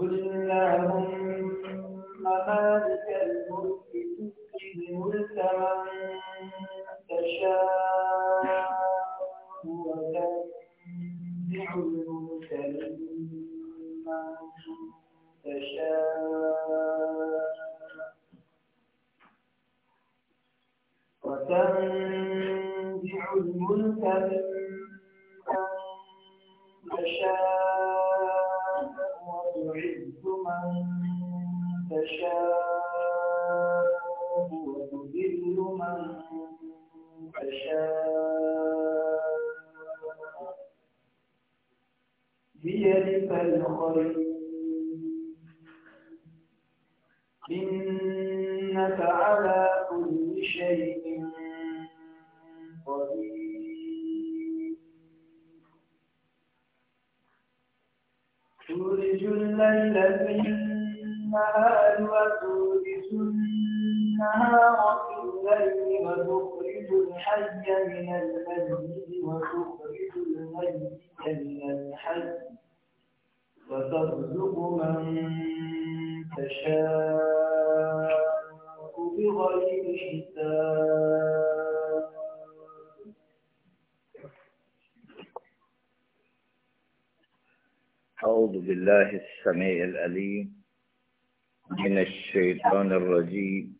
قل اللهم الحي من الميت وتخرج الميت من الحي وترزق من تشاء بغير حساب أعوذ بالله السميع العليم من الشيطان الرجيم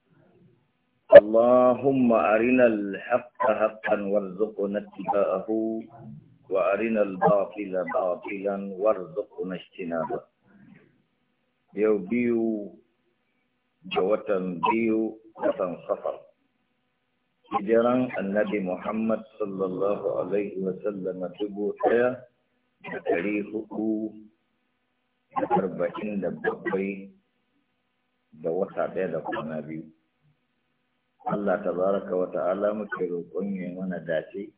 اللهم أرنا الحق حقا وارزقنا اتباعه وأرنا الباطل باطلا وارزقنا اجتنابه يو بيو جواتا بيو سفر جرا النبي محمد صلى الله عليه وسلم تبو حيا تاريخه تربحين دبقي دوتا بيدا كنا Allah tabaraka wa ta'ala muke roƙon ya mana dace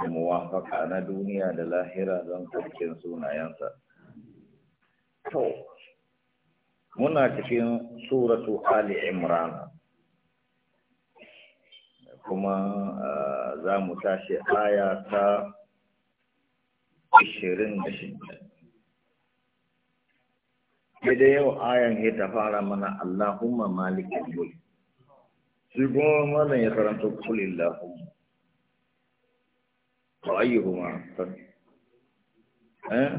da muwafaka na duniya da lahira don karkin sunayensa. To, muna cikin suratu Ali Imran kuma za mu tashi aya ta 26. Sai da yau ayan ta fara mana Allahumma malikin mulki. shi kuma malam ya karanta kulillahu wa ayyuhuma eh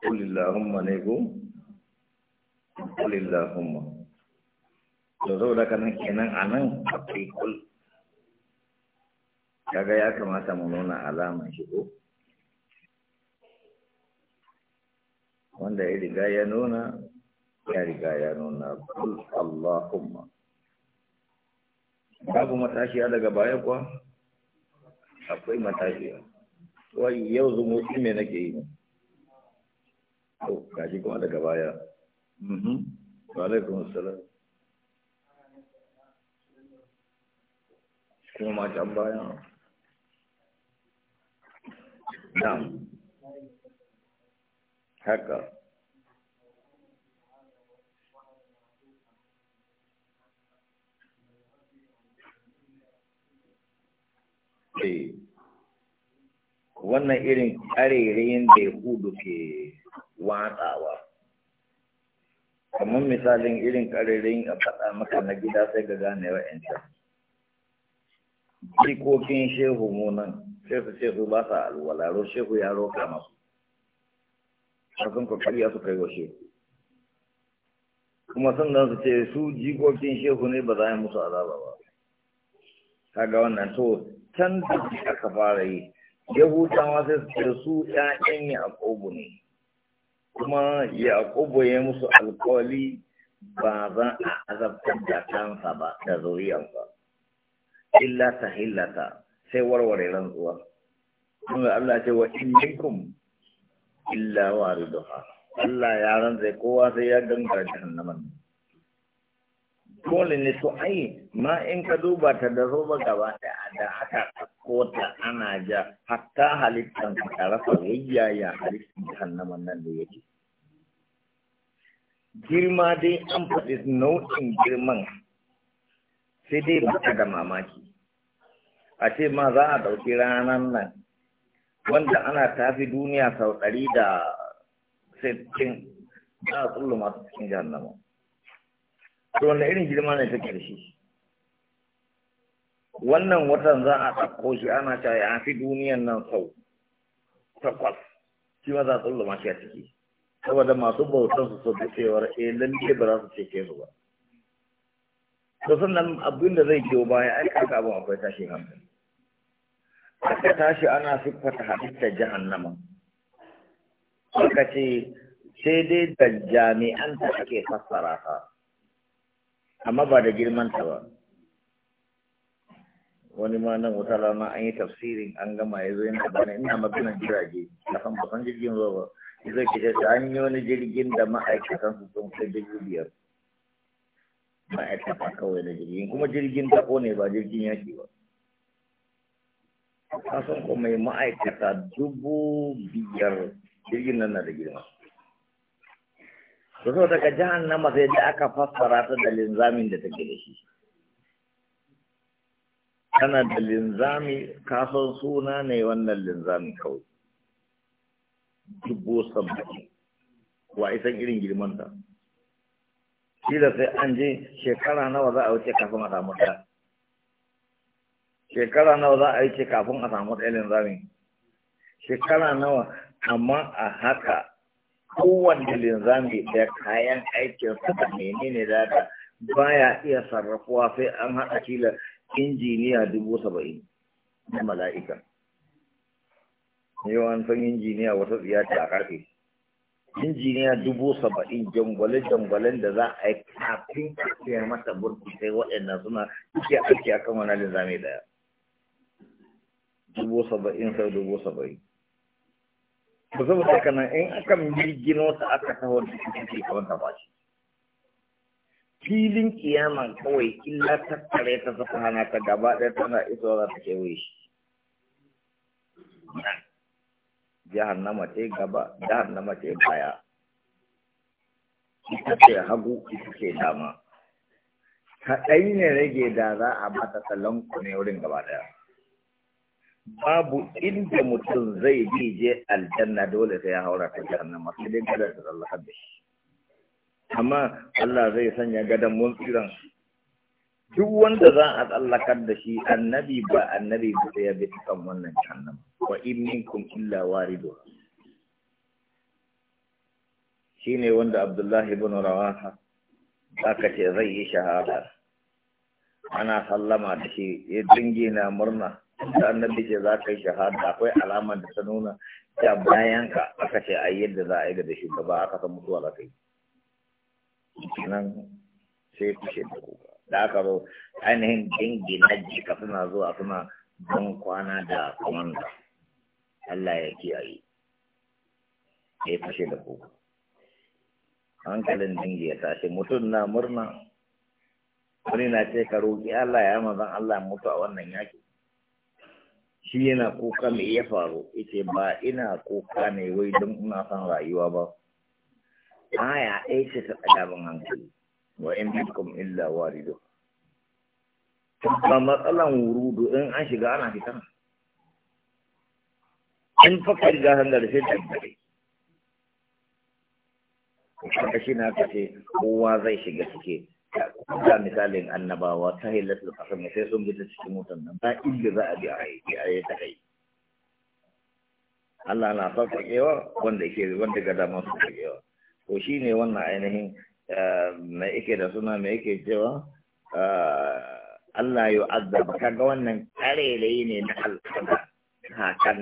kulillahumma ne ko kulillahumma to saboda kanan kenan anan akwai kul kaga ya kamata mu nuna alaman shi wanda ya riga ya nuna ya riga ya nuna kul allahumma babu matashiya daga baya kuwa akwai matashiya wai yau zumunci me nake yi to gashi kuma daga baya mhm wa alaikum assalam kuma ma can baya na'am haka wannan irin ƙarerayin da ya hudu ke watsawa kamar misalin irin ƙarerayin a faɗa maka na gida sai ga gane wa wa'yancan jikokin shehu munan sai shehu ba sa alwalaro shehu ya roƙa masu kasan kwakwari ya su kai wa shehu kuma sannan su ce su jikokin shehu ne ba za a yi musu azaba ba kaga wannan to can da aka fara yi yahudawa sai su ce su ƴaƴan yaƙubu ne kuma yaƙubu ya musu alkawali ba za a azabtar da kansa ba da zuriyansa illa ta hillata sai warware rantsuwa kuma Allah ce wa in minkum illa wariduha Allah ya rantsa kowa sai ya ganga gangara jahannaman dole ne to ai ma in ka duba ta da roba gaba da da aka ko ana ja hatta halittan ka rasa wayya ya halittan jahannaman nan da yake girma dai an faɗi nau'in girman sai dai ba da mamaki a ce ma za a ɗauki ranar nan wanda ana tafi duniya sau ɗari da sittin za a tsullu cikin jahannama to wanda irin girma ne ta da wannan watan za a ɗauko shi ana ta ya fi duniyan nan sau takwas shi ma za a tsallama shi a ciki saboda masu bautan su sau cewar eh lalle ba za su ce ke ba to sannan abin da zai kewa baya ai kaga abin akwai tashi hankali aka tashi ana siffata hadita jahannama aka ce sai dai da jami'an ta ake fassara ta amma ba da girman ta ba wani ma nan wata rana an yi tafsirin an gama ya zo yana bana ina magana jirage kafin ba san jirgin ruwa ba ya zo ta an yi wani jirgin da ma'aikatan su sun kai biyar ma'aikata kawai na jirgin kuma jirgin ta ne ba jirgin yaki ba kasan kuma mai ma'aikata dubu biyar jirgin nan na da girma to so daga jahannama sai da aka fassara ta da linzamin da take da shi tana da linzami kafin suna ne wannan linzami kawai dubu saba'in wa isan irin girmanta shi da sai an je shekara nawa za a wuce kafin a samu ɗaya shekara nawa za a wuce kafin a samu ɗaya linzami shekara nawa amma a haka kowanne linzami da kayan aikin da menene da da baya iya sarrafuwa sai an haɗa kila injiniya dubu saba'in na mala'ika yau an san injiniya wata ziyarta a ƙarfe injiniya dubu saba'in jangwale-jangwalen da za a yi kafin kafin mata burki sai waɗanda suna suke aiki akan wani linzami daya dubu saba'in sai dubu saba'in ba saboda da nan in aka mirgino ta aka taho da shi ke kawai ba shi. filin kiyama kawai illa ta kare ta saka hana ta gaba ɗaya tana iso za ta kewaye shi jahannama mace gaba jahannama ce baya ita ce hagu ita ce dama kaɗai ne rage da za a ta salon ku ne wurin gaba ɗaya babu inda mutum zai bi je aljanna dole sai ya haura ta jahannama sai dai gadar da Allah da shi amma Allah zai sanya gadan mun tsiran duk wanda za a tsallakar da shi annabi ba annabi ba sai ya bi kan wannan jahannama wa in minkum illa waridu shine wanda Abdullahi ibn Rawaha aka ce zai yi shahada ana sallama da shi ya dingina murna da annabi ce za ka yi shahada akwai alama da ta nuna ta bayan ka aka ce a yadda za a yi da shugaba aka san mutuwa za ka yi nan sai kushe da kuka da aka zo ainihin dangi na jika suna zuwa suna don kwana da kwamanda Allah ya kiyaye ya yi fashe da kuka hankalin dangi ya tashi mutum na murna wani na ce ka roƙi Allah ya mazan Allah mutu a wannan yaki shi yana kuka me ya faru ita ba ina kuka ne wai don ina son rayuwa ba aya a ce ta ban hankali wa in bikum illa warido ba matsalan wurudu in an shiga ana fita in fakar riga da sai ta dare haka shi na kace kowa zai shiga cikin ga misalin annabawa ta hillatul qasam sai sun bi ta cikin mutan nan ba inda za a bi a yi a yi ta kai Allah na sauƙaƙewa wanda yake wanda ga masu sauƙaƙewa to shine wannan ainihin eh, me yake da suna me yake cewa eh, Allah ya azaba kaga wannan karelai ne na al'ada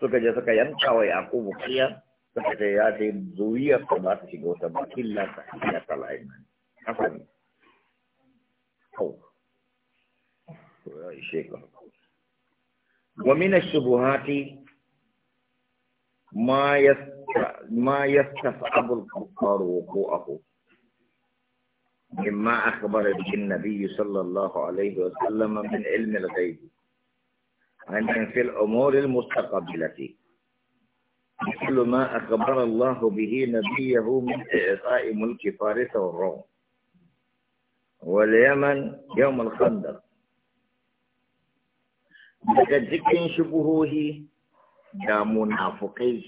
suka je suka yanka wa Yakubu kiya suka ce ya ce zuriyar ba ta shiga wata ba killa ta عفوا ومن الشبهات ما ما يستصعب الكفار وقوعه مما أخبر به النبي صلى الله عليه وسلم من علم الغيب عند في الأمور المستقبلة مثل ما أخبر الله به نبيه من إعطاء ملك فارس والروم واليمن يوم الخندق daga cikin shubuhohi da munafukai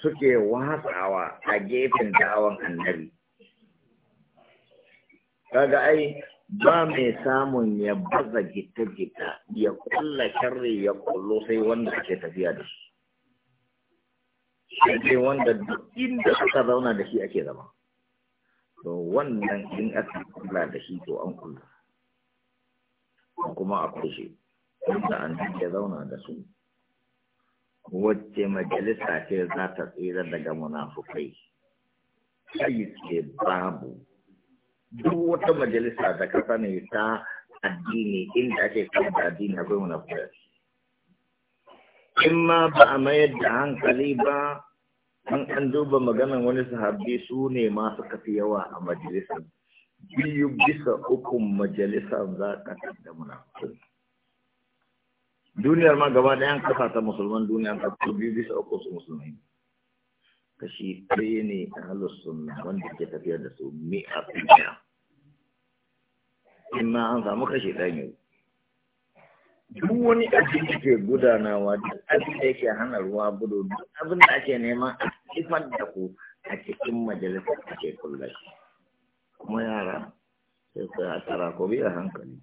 suke watsawa a gefen da'awan annabi kaga ai ba mai samun ya baza gita-gita ya kulla sharri ya kullo sai wanda ake tafiya da shi sai wanda duk inda aka zauna da shi ake zama to wannan in aka kula da shi to an kula kuma a kushe wanda an ke zauna da su wacce majalisa ce za ta tsira daga munafukai sai ce babu duk wata majalisa da ka sani ta addini inda ake kan da addini akwai munafukai in ma ba a mayar da hankali ba an an duba maganan wani sahabi su ne ma suka fi yawa a majalisar biyu bisa uku majalisar za ka da muna duniyar ma gaba ɗayan kasa ta musulman duniya ta biyu bisa uku su musulmai kashi ɗaya ne a halus sunna wanda ke tafiyar da su mi'a fiya in ma an samu kashi ɗaya ne duk wani abin da ke gudanawa duk abin da yake hana ruwa gudu duk abin da ake nema a kifar da ku a cikin majalisar ake shi. kuma yara sai ku a tara ko biya hankali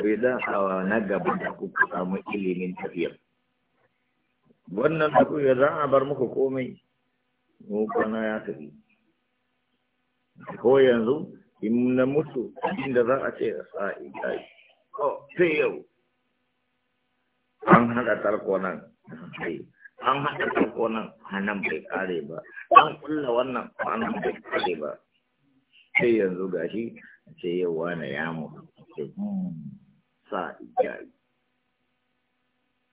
ku yi awa na gaba da ku samu ilimin tafiyar wannan da ku za a bar muku komai mu kwana ya tafi ko yanzu in na mutu inda za a ce a sa'i Oh, sai yau. An haɗa tarko nan, an haɗa tarko nan, hannun bai kare ba. An kulla wannan hannun bai kare ba. Sai yanzu gashi, sai yau ya mutu. Hmm, sa ijayi.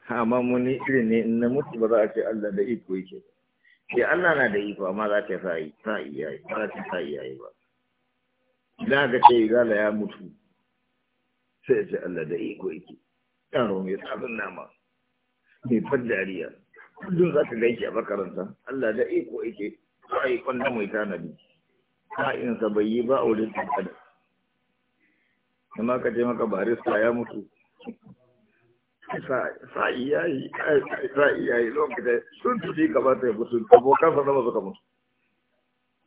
Amma muni irin ne in mutu ba za a ce Allah da iko yake. Sai Allah na da iko amma za ta sa iyaye, ba za ta sa iyaye ba. Ina ka ce igala ya mutu. sai ce Allah da iko yake yaro mai tsafin nama mai fadariya kullum za ka gaishe a makaranta Allah da iko yake ba yi kwanda mai tanadi ka'insa bai yi ba a wurin tsakada ma ka ce maka barista ya mutu sa'i ya yi sa'i ya yi lokacin sun tuɗi kamata ya mutu abokan sa zama suka mutu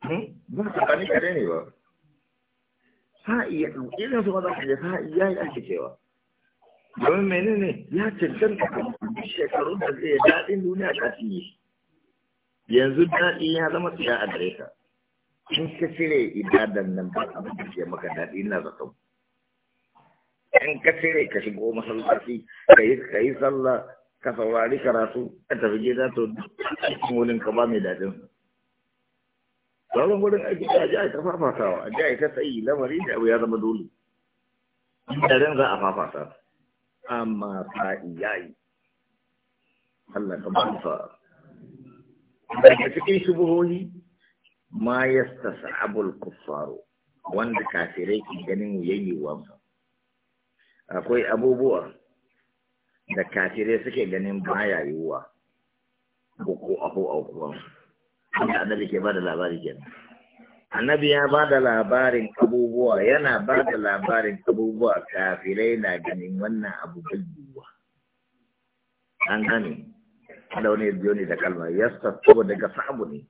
hmm? ba su kani kare ne ba sa'i irin su maza da sa'i ya yi ake cewa domin menene ya cancanta a shekarun da zai daɗin duniya kafin yi yanzu daɗi ya zama tsaya a gare ka in ka cire idadan nan ba abin da ke maka daɗi na zato in ka cire ka shigo masallaci ka yi sallah ka saurari karatu ka tafi gida to duk wani ka ba mai daɗin sauran gudun aiki a ji a ta fafatawa a ji a ta sayi lamari da abu ya zama dole inda za a fafata amma sa'i ya yi Allah ka ba sa daga cikin shubuhohi ma ya tasabul kuffaru wanda kafirai ke ganin yayyewa akwai abubuwa da kafirai suke ganin baya yiwuwa ko ko abu a da annabi ke da labari annabi ya labarin abubuwa yana ba da labarin abubuwa kafirai na ganin wannan abu bayyuwa an gani. da wani biyo ne da kalmar yasta saboda daga sabu ne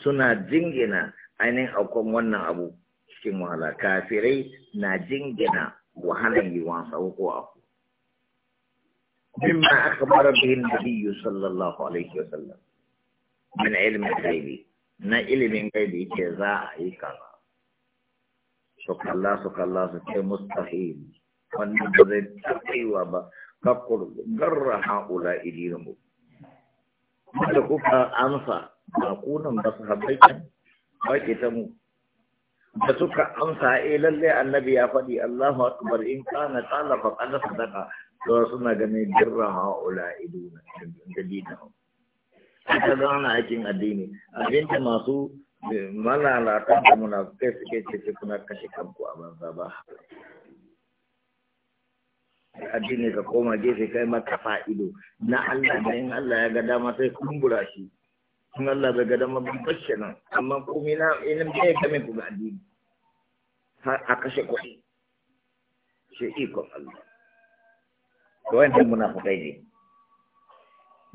suna jingina ainihin aukon wannan abu cikin wahala kafirai na jingina wahalan yiwuwan sauko aku ma aka bara bihin nabiyyu sallallahu alaihi wasallam min ilmin gaibi na ilimin gaibi ke za a yi kaza su kalla su kalla su ce mustahil wannan ba zai taɓaiwa ba kakkur garra haƙula idinmu da kuka amsa ba kunan ba su haɓai can ba ke ta mu da suka amsa eh lallai annabi ya faɗi Allahu akbar in kana qala faqad sadaka. to suna ganin jirra haula iduna da dinan haka ta zauna aikin addini abinda masu malalatan da munafukai suke ce ce kuna kashe kanku a banza ba addini ka koma gefe kai maka fa'ido na Allah da in Allah ya ga dama sai kumbura shi in Allah bai ga dama ban fashe nan amma komai na ina bai ga ku ga addini har a kashe kuɗi shi ikon Allah to wannan munafukai ne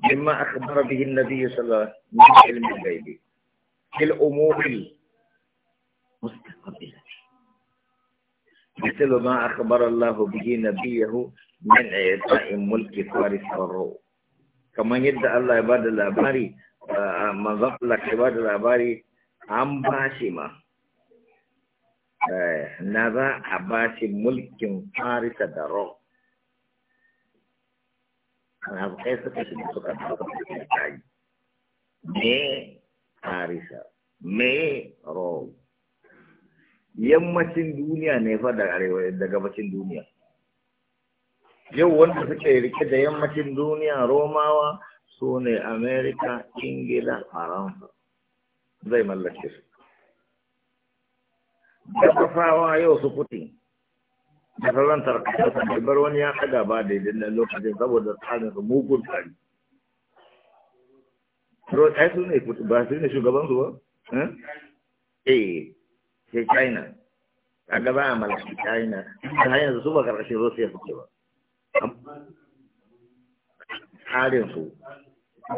مما أخبر به النبي صلى الله عليه وسلم من علم الغيب في الأمور المستقبلة مثل ما أخبر الله به نبيه من إعطاء ملك فارس والروم كما يدعى الله عباد الأباري آه، ما لك عباد الأباري عم باشمة آه، نذا أباشي ملك فارس والروم kai suka shiga suka ɗauka suke tari me harisa me row yammacin duniya ne fa da arewa da gabacin duniya yau wanda suke rike da yammacin duniya romawa su ne amerika ingila faransa zai mallake su da yau su putin da sauran ta da bar wani ya ɗaga ba da idan nan lokacin saboda tsarin su mugun tsari Ro ai su ne ba su ne shugaban su ba? Hm? Eh, sai China. A gaba a malaki China. Ta hanyar su ba ƙarƙashin Rusiya suke ba. Tsarin su.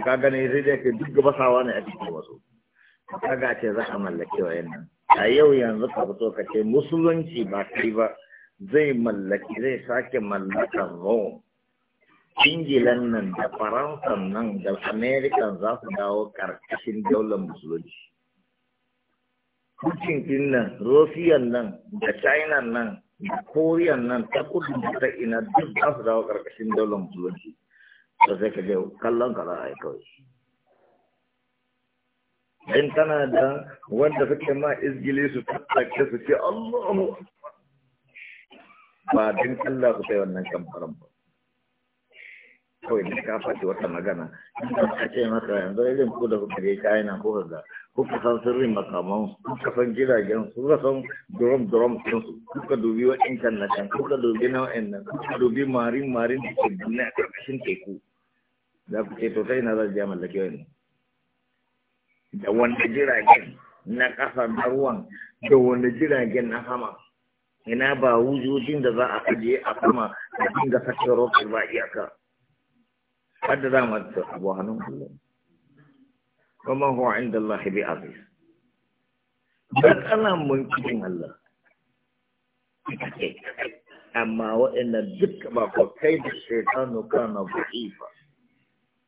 Ka gane sai dai duk gabasawa ne a cikin wasu. Ka ga ce za a mallaki wa nan. A yau yanzu ka fito ka ce musulunci ba kai ba. zai mallaki zai sake mallakar Rome. Ingilan nan da Faransan nan da Amerikan za su dawo ƙarƙashin daular musulunci. Kucin nan, Rosiyan nan, da China nan, da Koriyan nan, ta kudu ta ina duk za su dawo ƙarƙashin daular musulunci. Da zai ka je kallon ka za a yi kawai. In tana da wanda suke ma izgili su tattake su ce Allahu ba din Allah su kai wannan kamfaran ba kawai da ka faɗi wata magana a ce maka yanzu irin ku da kuka je china ko ga kuka san sirrin makaman kuka san jiragen kuka san drum drum din su kuka dubi wa'incan na can kuka dubi na wa'annan kuka dubi marin marin da ke duniya a ƙarƙashin teku za ku ce to ta ina za su je mallaki wani da wanda jiragen na ƙasa na ruwan da wanda jiragen na sama ina ba wujudin da za a ajiye a sama a dinga sakin roƙi ba iyaka hadda za mu da abu hannun kullum kuma huwa inda Allah bi aziz mun mulkin Allah amma waɗannan duk ba ko kai da shaitanu kana ba'ifa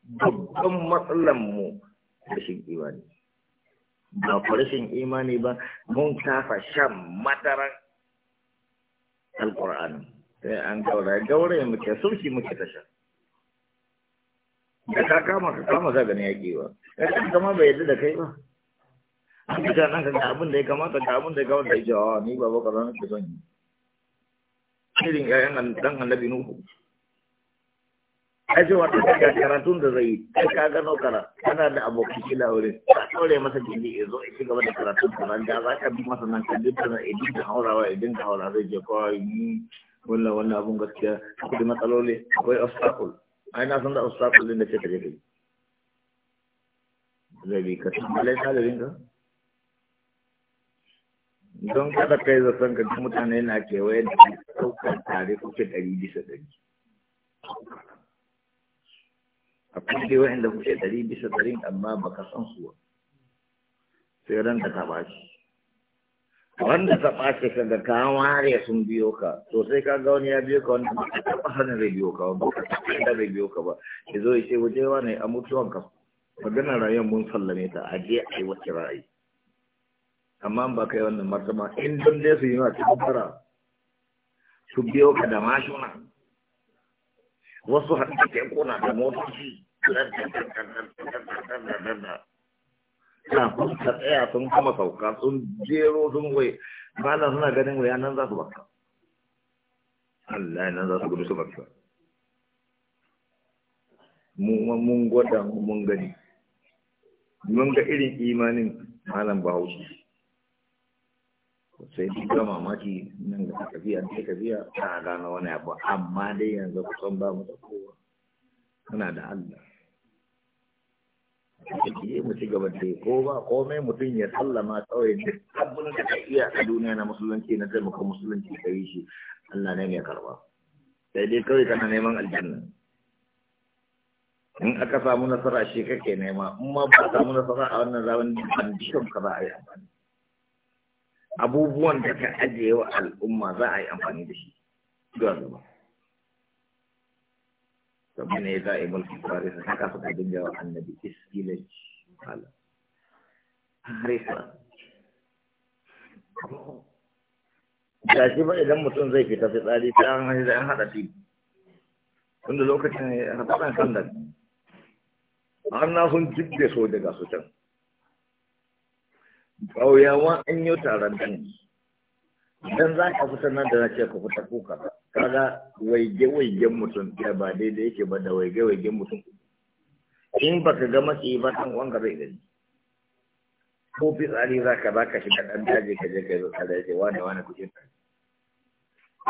babban matsalan mu rashin imani ba ku rashin imani ba mun kafa shan madaran alƙur'ani sai an gaura gaura muke sulki muke tasha da ka kama ka kama za gani yaƙi ba Ka kan kama bai yadda da kai ba an ka ta ka ga abin da ya kamata ga abin da ya kamata ya jawa ah, ni ba ba ka zan ke son yi irin ƴaƴan ɗan annabi nuhu aji wata daga karatun da zai yi kai ka gano kana kana da abokan kila wuri ka ɗaure masa jini ya zo ya ci gaba da karatun nan da za ka bi masa nan ka dinka na idin da haurawa idin da haura zai je kawai yi wannan wannan abun gaskiya da matsaloli akwai obstacle ai na san da obstacle din da ce ka je ka yi zai bi ka tambalai talibin ka don kada kai zaton ka mutane na kewaye da ɗaukar tare kuke ɗari bisa ɗari akwai dai wa'anda kuke ɗari bisa ɗari amma ba ka san su ba sai ran da ta ɓaci wanda ta ɓace ka ga ka ware sun biyo ka to sai ka ga wani ya biyo ka wanda ba ka taɓa sanin zai biyo ka ba ka taɓa da zai biyo ka ba ya zo ya ce waje wa ne a mutuwan ka magana rayuwar mun sallame ta a je a yi wacce ra'ayi amma ba ka yi wannan martaba in don dai su yi ma cikin fara su biyo ka da mashuna wasu haɗe tekuna da motoci kafin tsaya sun kuma sauka sun jero sun wai suna ganin nan za su baka Allah nan za su gudu su baka mun gwada mun gani mun ga irin imanin malam bahaushe sai duk ga mamaki nan da tafiya da tafiya ta gano wani abu amma dai yanzu kusan ba mu da kowa muna da Allah Kiki mu ci gaba da ko ba komai mutum ya sallama kawai duk abin da ka iya a duniya na musulunci na taimaka musulunci ka yi shi Allah ne mai karba. Sai dai kawai kana neman aljanna. in aka samu nasara shi kake nema in ma ba samu nasara a wannan zaman condition ka za a yi amfani abubuwan da ka ajiye wa al'umma za a yi amfani da shi zuwa zuba sabu ne za a yi mulki kwari sa saka su dinga wa annabi iskilan hala harisa da shi ba idan mutum zai fita fitsari ta an hanyar da an haɗa fi tunda lokacin ya faɗa kan da har na sun jibge so daga su can ƙauyawan an yi taron dangi dan za ka fita nan da zaka ka fita ko ka kaga waige waigen mutum ya ba daidai yake ba da waige waigen mutum in baka ga matsi ba kan wanga ka zai gani ko fitsari za ka baka da dan daji ka je ka zo ka da yake wani wani kuɗin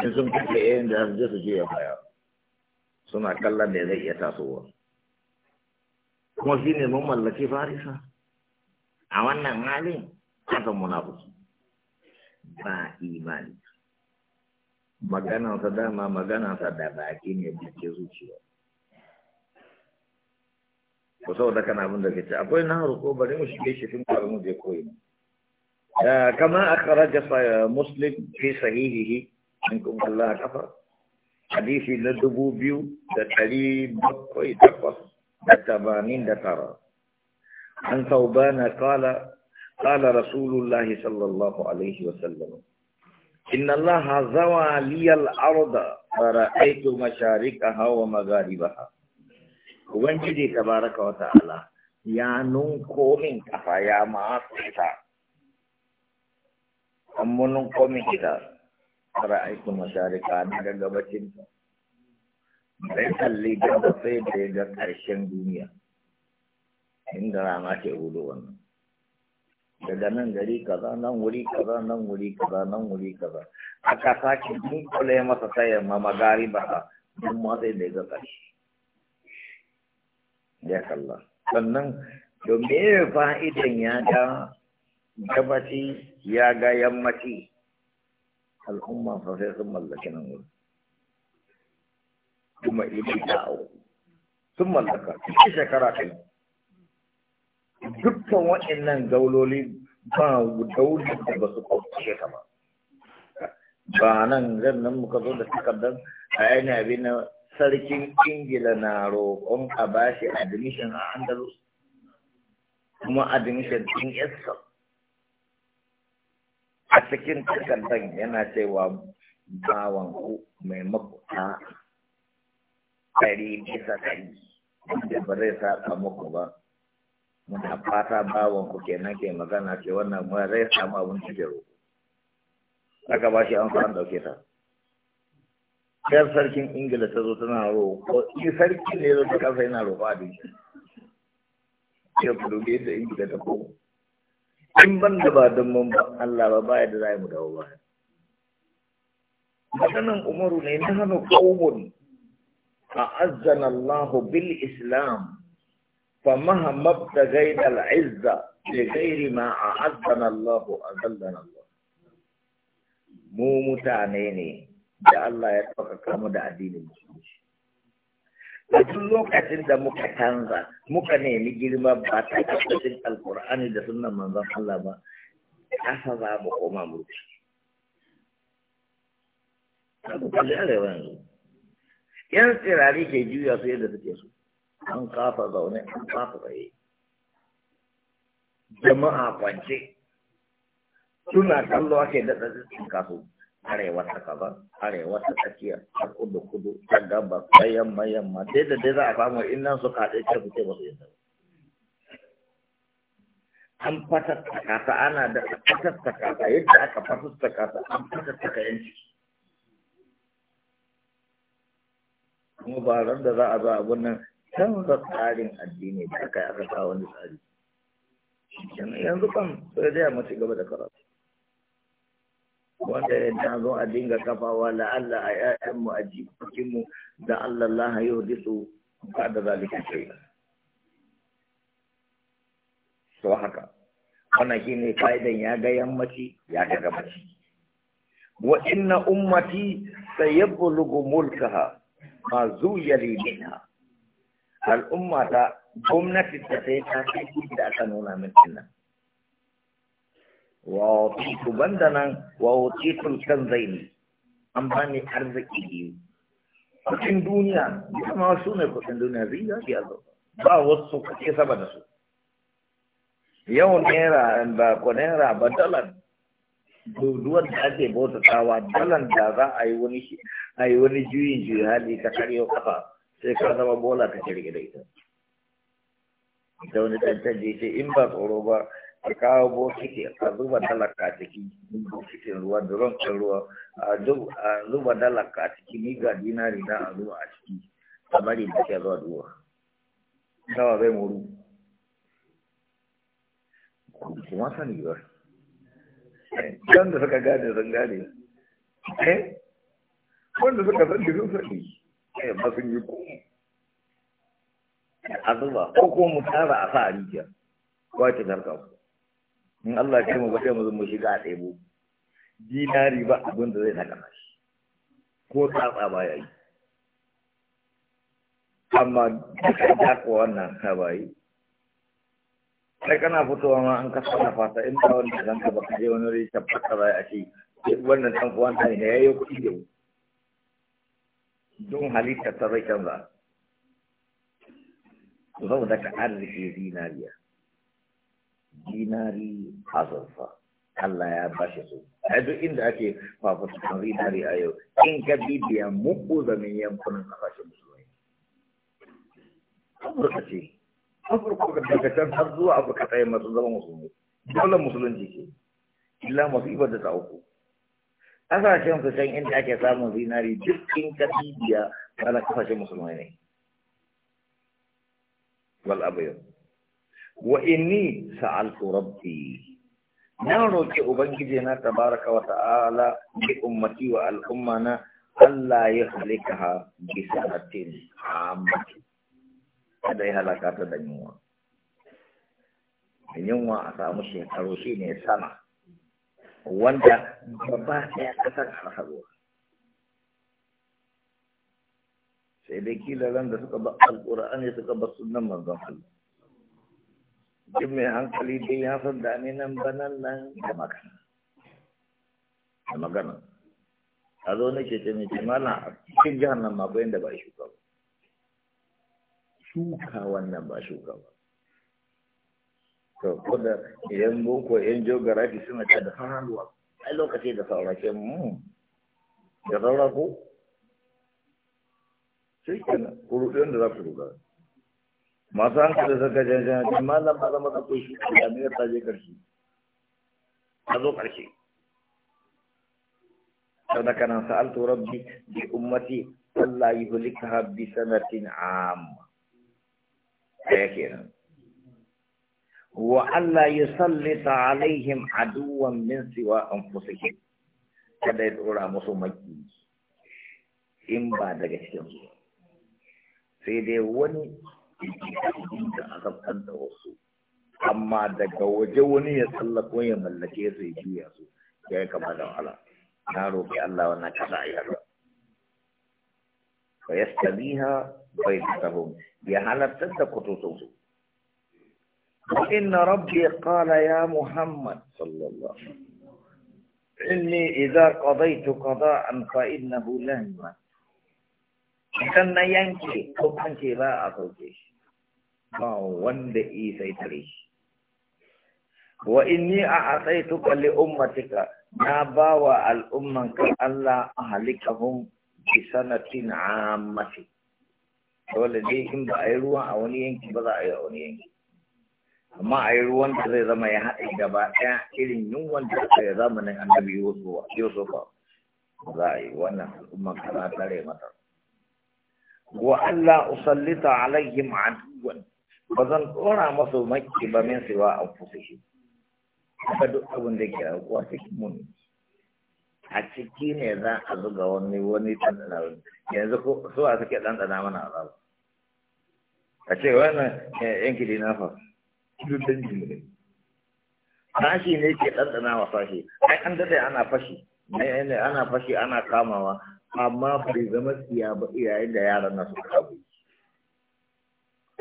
in sun kuɗe yin da su je su je ya baya suna kallon da zai iya tasowa kuma shi ne mun mallaki farisa a wannan halin haka munafiki ba imani maganarsa dama maganarsa da baki ne bake zuciya ko saboda kana abin da kace akwai na haruko bari mu shige shi tun kafin mu je koyi kama akhraja muslim fi sahihihi in kun Allah kafa hadisi na dubu biyu da ɗari bakwai takwas da tamanin da tara an taubana kala قال رسول الله صلى الله عليه وسلم إن الله زوى لي الأرض فرأيت مشارقها ومغاربها Ubangiji tabaraka wa ta'ala ya nunko min kafa ya matsa amma nunko min kita ra'aytu masharika na bai kalli gaba sai da ga karshen duniya inda rana ke hudu wannan daga nan gari kaza nan wuri kaza nan wuri kaza nan wuri kaza aka sake mun kula masa sayar ma magari ba mun ma sai da ga kashi ya kalla sannan to me fa'idan ya ga gabaci ya ga yammaci al'umma fa sai sun mallaki nan wuri kuma idan ta'o sun mallaka cikin shekara kai dukkan waɗannan gauloli ba daular da ba su kauce ka ba ba nan zan nan muka zo da takardar a yana abin na sarkin ingila na roƙon a bashi admission a andalus kuma admission ɗin yasa a cikin takardar yana cewa bawan ku mai makuta ɗari bisa ɗari da ba zai sa muku ba muna fata bawon ku kenan ke magana ce wannan mu zai samu abin tijiro aka ba shi an fara dauke ta yar sarkin ingila ta zo tana roƙo in sarki ne zo ta kasa yana roƙo shi ya fudu da ingila ta kowa. in ban da ba don mun Allah ba baya da za mu dawo ba maganan umaru ne na hana qaumun a Azzanallahu bil islam فمهما ابتغيت العزة لغير ما أعزنا الله أذلنا الله mu mutane ne da Allah ya ɗaukaka mu da addinin musulunci. A lokacin da muka canza, muka nemi girma ba ta ƙarƙashin Alƙur'ani da sunan manzon Allah ba, ƙasa za mu koma murci. Abu kalli yanzu. Yan tsirari ke juya su yadda suke so. an kafa zaune an kafa tsaye jama'a kwance suna kallo ake daɗa cikin kasu arewa ta kaba arewa ta tsakiya ta kudu kudu ta gaba ta yamma yamma sai da dai za a samu in nan su kaɗe ce su ce ba su yadda an fatattaka ta ana da fatattaka ta yadda aka fatattaka ta an fatattaka yanci kuma ba da za a zo a nan canza tsarin addini da aka yi aka kawo wani tsari yanzu kan sai dai mu ci gaba da karatu wanda ya zo a dinga kafawa la'alla a ƴaƴanmu a jikinmu da Allah Allah ya hudisu ba da zalika kai to haka wannan shine fa'idan ya ga yammaci ya ga gabaci wa inna ummati sayablugu mulkaha ma zuyali minha al'umma ta gwamnati ta sai ta kai da aka nuna min nan wa wutitu banda nan wa wutitul kan zaini an bani arziki biyu kuɗin duniya dama su ne kuɗin duniya zai ya a zo ba wasu kake saba da su yau naira ba ko naira ba dalar duduwar da ake bautatawa dalar da za a yi wani juyin juyi hali ka karyo kafa sai ka zama bola ka rike da ita da wani da ce in ba tsoro ba a kawo bokiti a zuba talaka a ciki bokitin ruwa duron ɗin ruwa a zuba talaka ciki ni ga dinari na a zuba a ciki a bari da ke zuwa duwa nawa zai muru kuma sani ba kan da suka gane sun gane eh wanda suka da sun sani sai eh, ba sun yi ko a zuba ko ko mu tara a sa a rijiya ko ta tarka ku in Allah ya mu bace mu mu shiga a ɗebo dinari ba abin da zai saka shi ko tsatsa ba ya yi amma duka ko wannan ka ba yi sai kana fitowa ma an kasa na fata in ba wanda zan ka baka je wani rijiya ba ka ba a ce wannan ɗan uwan ne ya yi kuɗi da mu don halitta ta zai canza zau da ka arziki zinariya zinari azurfa Allah ya bashi su a duk inda ake fafutukan zinari a yau in ka bibiya muku zamin yankunan kasashen musulmai afirka ce afirka daga can har zuwa afirka ta yi masu zama musulmai dole musulunci ce illa masu ibar da ta uku kasashen ku san inda ake samun zinari duk in ka bibiya ana kasashen musulmai ne wal abyad wa inni sa'altu rabbi na roki ubangiji na tabaraka wa ta'ala bi ummati wa al ummana Allah ya halikaha bi sa'atin amati kada ya halaka ta da yunwa yunwa a samu shekaru shine sama wanda gaba ɗaya ƙasar a rasa sai dai kila ran da suka ba ne suka ba sunan manzon Allah duk mai hankali dai ya san da nan banan nan da magana da magana a zo nake ce mai kimana a cikin jihar nan ma da ba shuka ba shuka wannan ba shuka ba to kuma yan boko yan geography suna ta da sauran ruwa ai lokaci da saura mu hmm. da saura ko kan kurudin da za ku ruɗa masu hankali suka janjan da malam ba zama ko shi da ne ta je karshe ta zo karshe saboda kana sa'altu rabbi bi ummati Allah yuhlikaha bi sanatin amma ɗaya Wa Allah وألا يسلط عليهم عدوا min سوى أنفسهم kada ya tsora musu maki in ba daga cikin su sai dai wani da azabtar da wasu amma daga waje wani ya tsallako ya mallake su ya juya su ya yi kama da wahala na roƙi Allah wannan kasa a yarda fa yastabiha bai tahum ya halartar da kututun su وإن ربي قال يا محمد صلى الله عليه وسلم إني إذا قضيت قضاء فإنه لهما كان ينكي أو تنكي لا أقلكي ما وند إيسي تريش وإني أعطيتك لأمتك نباوى الأمة ألا أهلكهم بسنة عامة ولديهم بأيروا أو نينكي بضع أو نينكي amma a yi ruwan da zai zama ya haɗe gaba ɗaya irin yunwan da aka yi zamanin annabi yusufa za a yi wannan al'umma kara tare mata wa Allah usallita alaihim aduwan ba zan tsora masu maki ba min siwa an fusashi haka duk abin da ke aukuwa cikin mu a ciki ne za a zuga wani wani ɗanɗana wani yanzu ko so suke ɗanɗana mana zaba a ce wannan eh, na fa. duk dangin ne sashi ne ke ɗanɗana wa sashi ai an daɗe ana fashi ne ana fashi ana kamawa amma bai zama siya ba iyayen da yaran na suka abu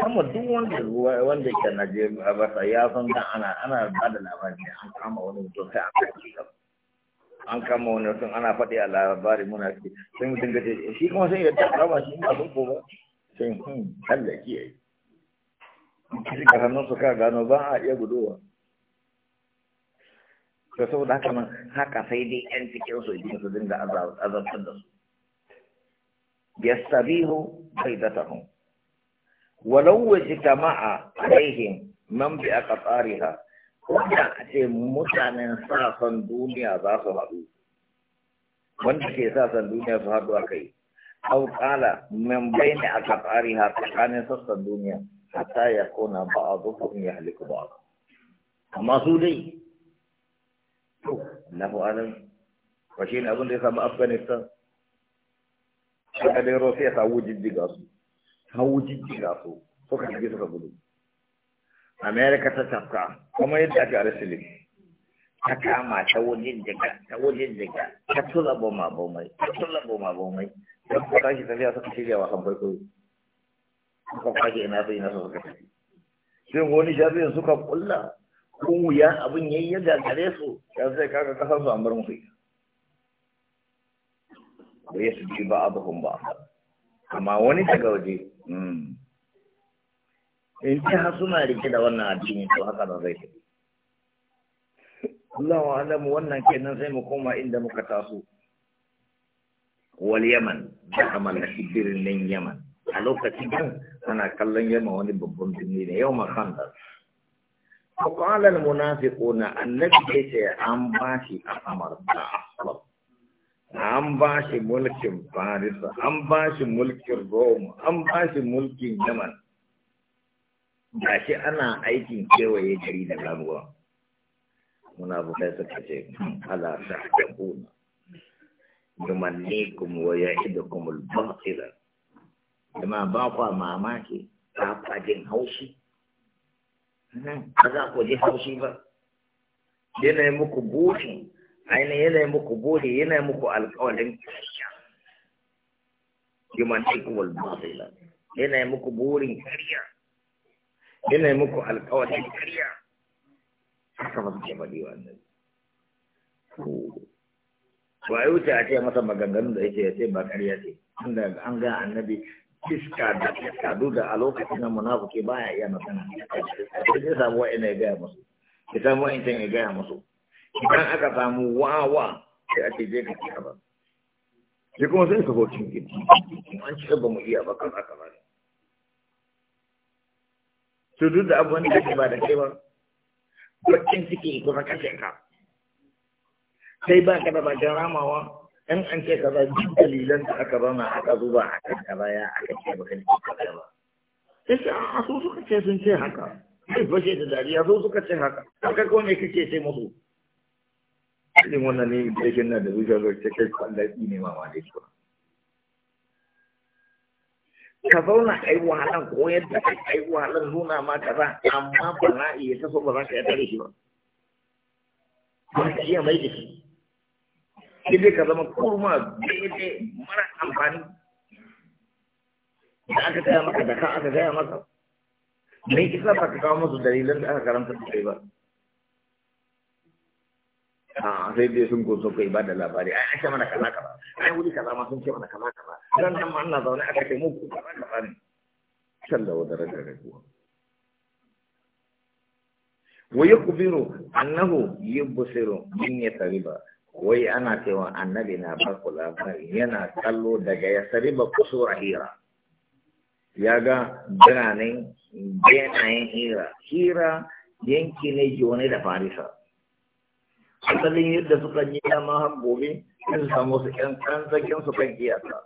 amma duk wanda wanda ke Najeriya ba sa ya san dan ana ana ba da labari ne an kama wani mutum sai an kama shi an kama wani mutum ana faɗi a labari muna ce sai mutum ga shi kuma sai ya ta kama shi ba sun ko ba sai hmm Allah kiyaye ka kasannin su ka gano ba a iya gudowa da saboda haka nan haka sai dai yan cikin su yi su dinga azabtar da su bai zata baidatahum walau wajtama'a alaihim man bi ha. wanda a ce mutanen sasan duniya za su haɗu wanda ke sasan duniya su haɗu a kai au kala man tsari ha tsakanin sassan duniya hatta ya kona ba'adukum yahliku ba'd amma su dai to Allahu alam ba shi ne abin da ya samu Afghanistan sai ka dai Rosiya ta wujijjiga su ta wujijjiga su ka shige suka gudu Amerika ta tafka kuma yadda aka arsilin ta kama ta wajen daga ta wajen daga ta tula boma bomai ta tula boma bomai ta ku tashi tafiya suka shirya wasan kwaikwayo suka kwaje ina sai na suka tafi shin shafi yanzu suka kulla kun wuya abin yayi ya gagare su ya zai kaga kasar su an bar ba ya su ba abuhun ba amma wani daga waje hmm. in ci ha suna rike da wannan addini to haka nan zai tafi Allah wa alamu wannan kenan sai mu koma inda muka taso wal yaman da amal na shibirin yaman a lokacin kan ana kallon yamma wani babban birni ne yau makandar فقال المنافقون الذي يتي عن باشي أمر بأحرم an ba shi mulkin farisa an ba shi mulkin rome an ba shi mulkin yaman ga shi ana aikin kewaye gari da garuwa muna bukai suka ce hmm, ala sa da kuna yumanni kuma wa ya idu kuma al-batila ma ba kwa mamaki ta fadin haushi hmm, ba za ku ji haushi ba yana muku buri aina yana muku buri yana muku alƙawarin kariya yuman taiku batila yana muku burin kariya yana muku alƙawarin kariya haka ba su ce ba diwa nan ba yi wuce a ce masa maganganu da yake ya ce ba kariya ce an ga annabi iska da iska duk da a lokacin nan ke baya iya magana sai ya samu wa'ina ya gaya musu ya samu wa'incan ya gaya musu idan aka samu wawa sai a ce je ka ci gaba sai kuma sai ka hocin gidi an ci ba mu iya ba kan aka ba Su duk da abubuwan da ke ba da kai ba bakin ciki ka kashe ka sai ba ka da ba jaramawa in an ce kaza duk dalilan da aka zauna aka zuba a kan baya a kan ce ba kan kaza ba sai ce a so suka ce sun ce haka sai fashe da dariya so suka ce haka haka kawai ne kake ce musu ilin wannan ne impression na da zuciya zuwa ce kai kwallafi ne ma ma dai kuma ka zauna a yi wahalan ko yadda a yi wahalan nuna ma za amma ba na iya taso ba za ka yi tare shi ba ba ka iya mai da shi sai dai ka zama kurma daidai mara amfani da aka taya maka da ka aka gaya maka mai isa ba ka kawo musu dalilan da aka karanta su ba a sai dai sun gozo kai ba da labari ai ake ce mana kaza kaza ai wuri kaza ma sun ce mana kaza kaza ran nan ma ana zaune aka ce mu ku kaza kaza ne sallawa da rage raguwa ويخبر أنه يبصر من يتربى wai ana cewa annabi na ba labarin yana kallo daga ya sari ba ku hira ya ga biranen benayen hira hira yanki ne jone da farisa asalin yadda suka yi dama har gobe sun su samu su ƴan kanzakin su kan iyaka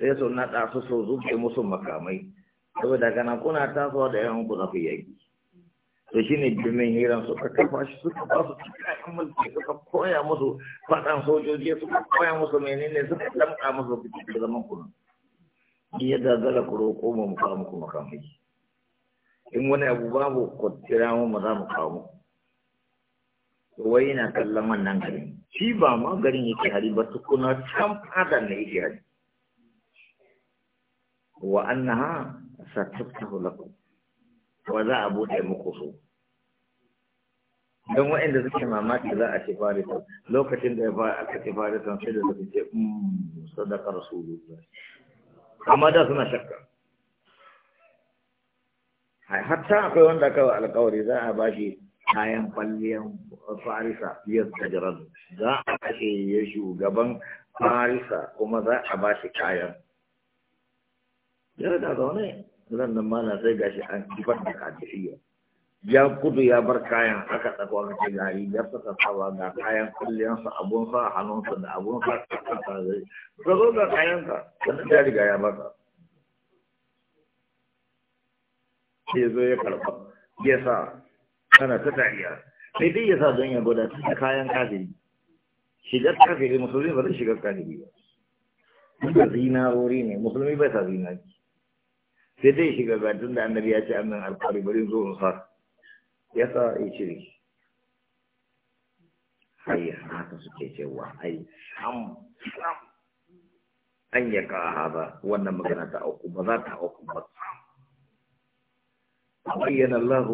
sai su naɗa su su zuke musu makamai saboda kana kuna tasowa da yawan ku zafi yaki to shine birnin hiran suka kafa shi suka ba su cikakken mulki suka koya musu faɗan sojoji suka koya musu menene suka lamka musu cikin da zaman kuma iya gagara ku roƙo mu mu kawo muku makamai in wani abu babu ku tira mu mu za mu kawo muku to wai yana kallon wannan garin shi ba ma garin yake hari ba tukuna can fadar ne yake hari wa annaha sataftahu lakum wa za a buɗe muku su don waɗanda suke mamaki za a ce farisa. lokacin da ya fara aka ce farisan sai da suke ce mm, sadaka rasulullah amma da suna shakka hatta akwai wanda aka wa alkawari za a bashi kayan kwalliyan farisa ya tajiran za a kashe ya shugaban farisa kuma za a bashi kayan yarda zaune nan nan mana sai gashi an kifar da kadiriya ya kudu ya bar kayan aka tsako aka cikin gari ya saka sawa ga kayan kulliyansa abun sa hannunsa da abun sa kansa zai ka zo ga kayansa wani ya riga ya baka sai zo ya karɓa ya sa kana ta dariya sai dai ya sa don ya gwada ta kayan kafiri shigar kafiri musulmi ba zai shigar kafiri ba. Duka zinarori ne, musulmi bai sa zinari. sai dai shiga gatun da annabi ya ce annan alƙari bari zo in sa ya sa ya cire hayya haka suke cewa ai sam sam an ya kaha ba wannan magana ta auku ba za ta auku ba bayyana Allah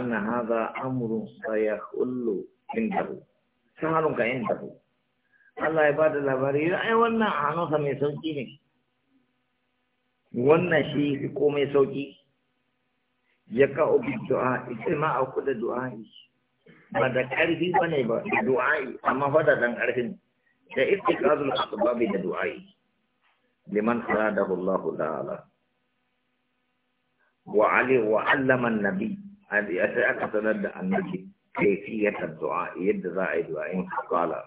anna hadha amrun sayahullu indahu sahalun ka indahu Allah ya bada labari ai wannan hannunsa mai sauki ne wannan shi fi komai sauki ya kawo bi du'a ita ma a kuda du'a'i ba da ƙarfi ba ne ba da du'a'i amma fa da ɗan ƙarfin da istiqazul asbabi da du'a'i liman aradahu Allah ta'ala wa ali wa allama annabi sai aka sanar da annabi kayfiyat du'a yadda za a yi du'a in qala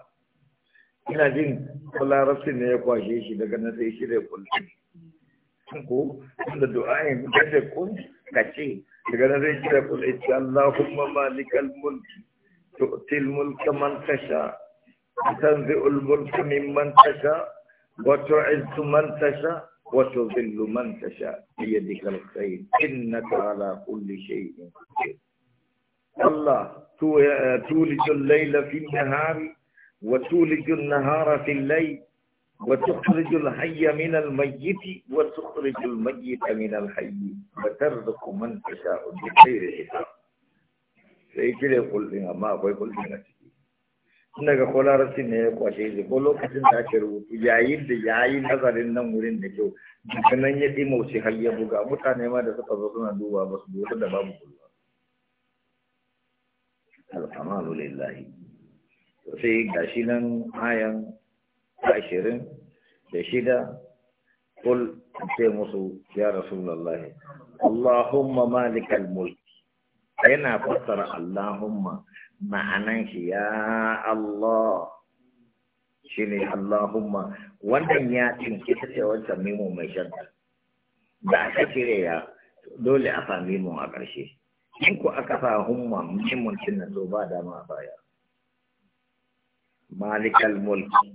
ina jin kullarasi ne ya kwashe shi daga nan sai shi da kullum ko da du'ayin kace kun kace daga nan zai kira kul insha Allahumma malikal mulk tu'til mulka تنزع الملك ممن تشاء وتعز من تشاء وتذل من تشاء بيدك الخير انك على كل شيء قدير الله تولج الليل في النهار وتولج النهار في الليل وتخرج الحي من الميت وتخرج الميت من الحي وترزق من تشاء بخير حساب sai kire kullin amma akwai kullin a ciki tun daga kwalarar ne ya kwashe shi ko lokacin da ake rubutu yayin da ya yi nazarin nan wurin da kyau daga nan ya ɗimauce har ya buga mutane ma da suka zo suna duba ba su duba da babu kullum alhamdu lillahi sai gashi nan ayan ashirin da shida kul ce musu ya rasulullah Allahumma malikal mulki. yana fassara Allahumma ma'anan shi ya Allah shine Allahumma wannan ya cin ce wancan mimo mai shanta da aka cire ya dole a sami mu a ƙarshe in ku aka sa humma muhimmancin nan zo ba dama a baya malikal mulki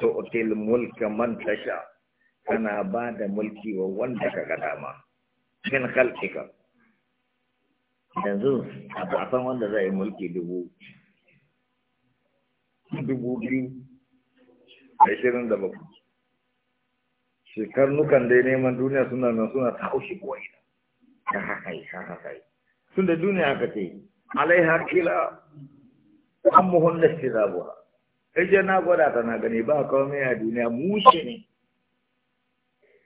tu'til mulka man tasha kana ba da mulki wa wanda ka ga dama Kin khalqika yanzu abu a san wanda zai mulki dubu dubu biyu ashirin da bakwai shekarnukan dai neman duniya suna nan suna ta haushi kuwa ina ta hakai ta hakai tun da duniya aka ce alaiha kila an muhun da shi zabuwa je na gwada ta na gani ba komai a duniya mushe ne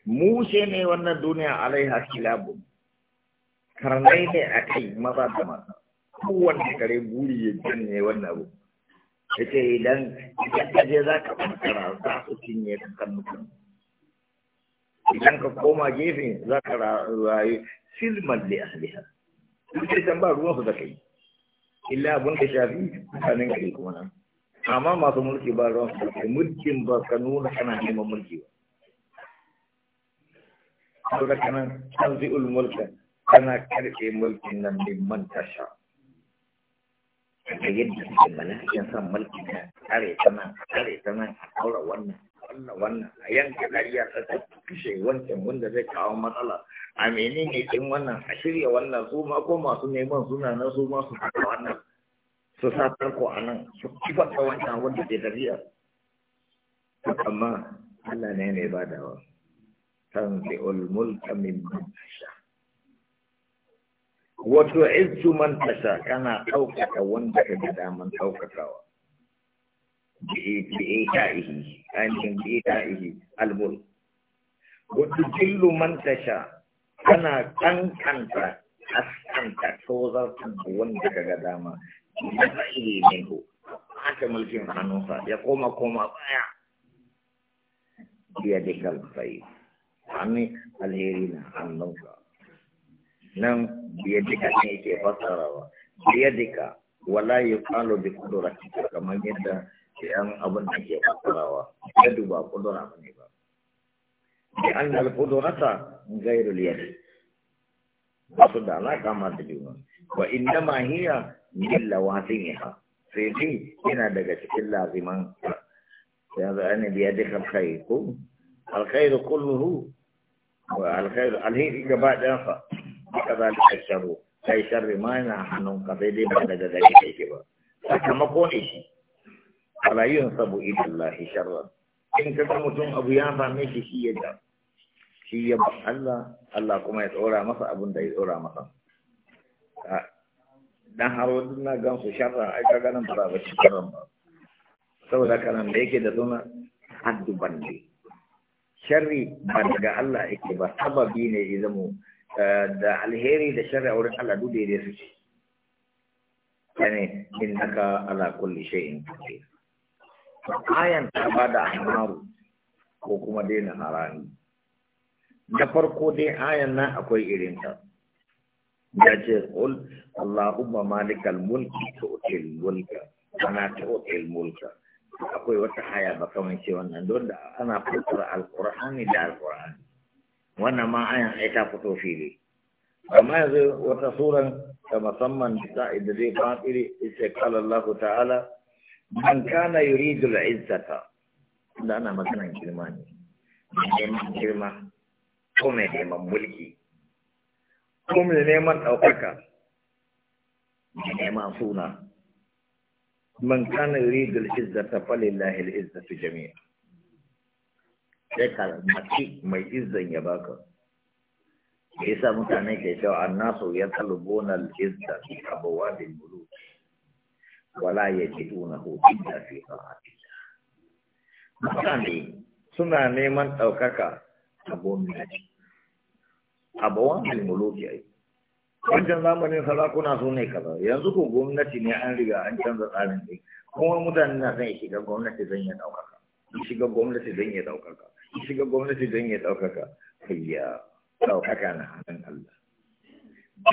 mushe ne wannan duniya alai alaiha kilabun karnai ne a kai maza da mata kowanne kare buri ya janye wannan abu ya ce idan ka je za ka kankara za su cinye ka kannukan idan ka koma gefe za ka rayu silman da asaliha duk da ba ruwan su da kai illa abin da shafi mutanen gari kuma nan amma masu mulki ba ruwan su mulkin ba ka nuna kana neman mulki ba saboda kana tanzi'ul mulka kana karfe mulkin nan min man tasha Ka yadda mana cikin san mulki ka kare ta nan kare ta nan a kaura wannan wannan wannan a yanka dariya ta ta kishe wancan wanda zai kawo matsala a menene din wannan a shirya wannan su ma ko masu neman suna na su ma su haka wannan su sa tarko a nan su kifa da wancan wanda ke tafiya amma Allah ne mai badawa tanzi'ul mulka man tasha wa tu'izzu man tasha kana ɗaukaka wanda ka ga daman ɗaukakawa bi'ita'ihi ainihin bi'ita'ihi al-mulk wa tujillu man tasha kana kankanta askanta tozartar da wanda ka ga dama naza'ihi minhu haka mulkin hannunsa ya koma koma baya biya da kalfai hannun alheri na hannunsa nan biya dika ne yake fassarawa biya dika wala ya falo da kudura cikin kamar yadda yan abin da ke fassarawa ya duba kudura ba ne ba bi an da kudurata gairul yadi ba su da alaƙa ma da juna wa inda ma hiya min lawazimiha sai dai yana daga cikin laziman yanzu an biya dukkan kai ko alkhairu kulluhu wa alhiri alheri gaba ɗayan fa kazalika sharru kai sharri ma yana hannun ka sai dai ba daga gari yake ba sakamako ne shi ala yunsabu ila Allah sharran in ka mutum abu ya same shi shi ya da shi ya ba Allah Allah kuma ya tsora masa abin da ya tsora masa dan har wajen na gan su sharra ai ka ganin ba ba shi karan ba saboda da yake da zuna haddu bande sharri ba daga Allah yake ba sababi ne ya zamo eh, da alheri da sharri a wurin Allah duk da ya su ce yani innaka ala kulli shay'in qadir ayan ta amaru ko kuma na harani da farko dai ayan nan akwai irin ta ya ce kul Allahumma malikal mulki tu'til mulka ana tu'til mulka akwai wata haya ba kawai ce wannan don da ana fitar alqur'ani da alqur'ani wannan ma ayan ai ta fito fili amma yanzu wata suran ta musamman da da zai fatiri ita kala Allah ta'ala man kana yuridu al da ana maganan girma ne neman girma ko mai neman mulki ko ne neman ɗaukaka mai neman suna man kana yuridul izzata falillahi al-izzatu jami'a sai ka mace mai izzan ya baka me sa mutane ke cewa annasu ya talbuna al-izza fi abwabil muluk wala yajidunahu illa fi ta'atillah mutane suna neman ɗaukaka a gwamnati abawan a yi. wancan zamanin sarakuna su ne kaza yanzu ko gwamnati ne an riga an canza tsarin ɗin kuma mutane na son shiga gwamnati zan ya ɗaukaka shiga gwamnati zan ya ɗaukaka shiga gwamnati zan ya ɗaukaka hayya ɗaukaka na hannun Allah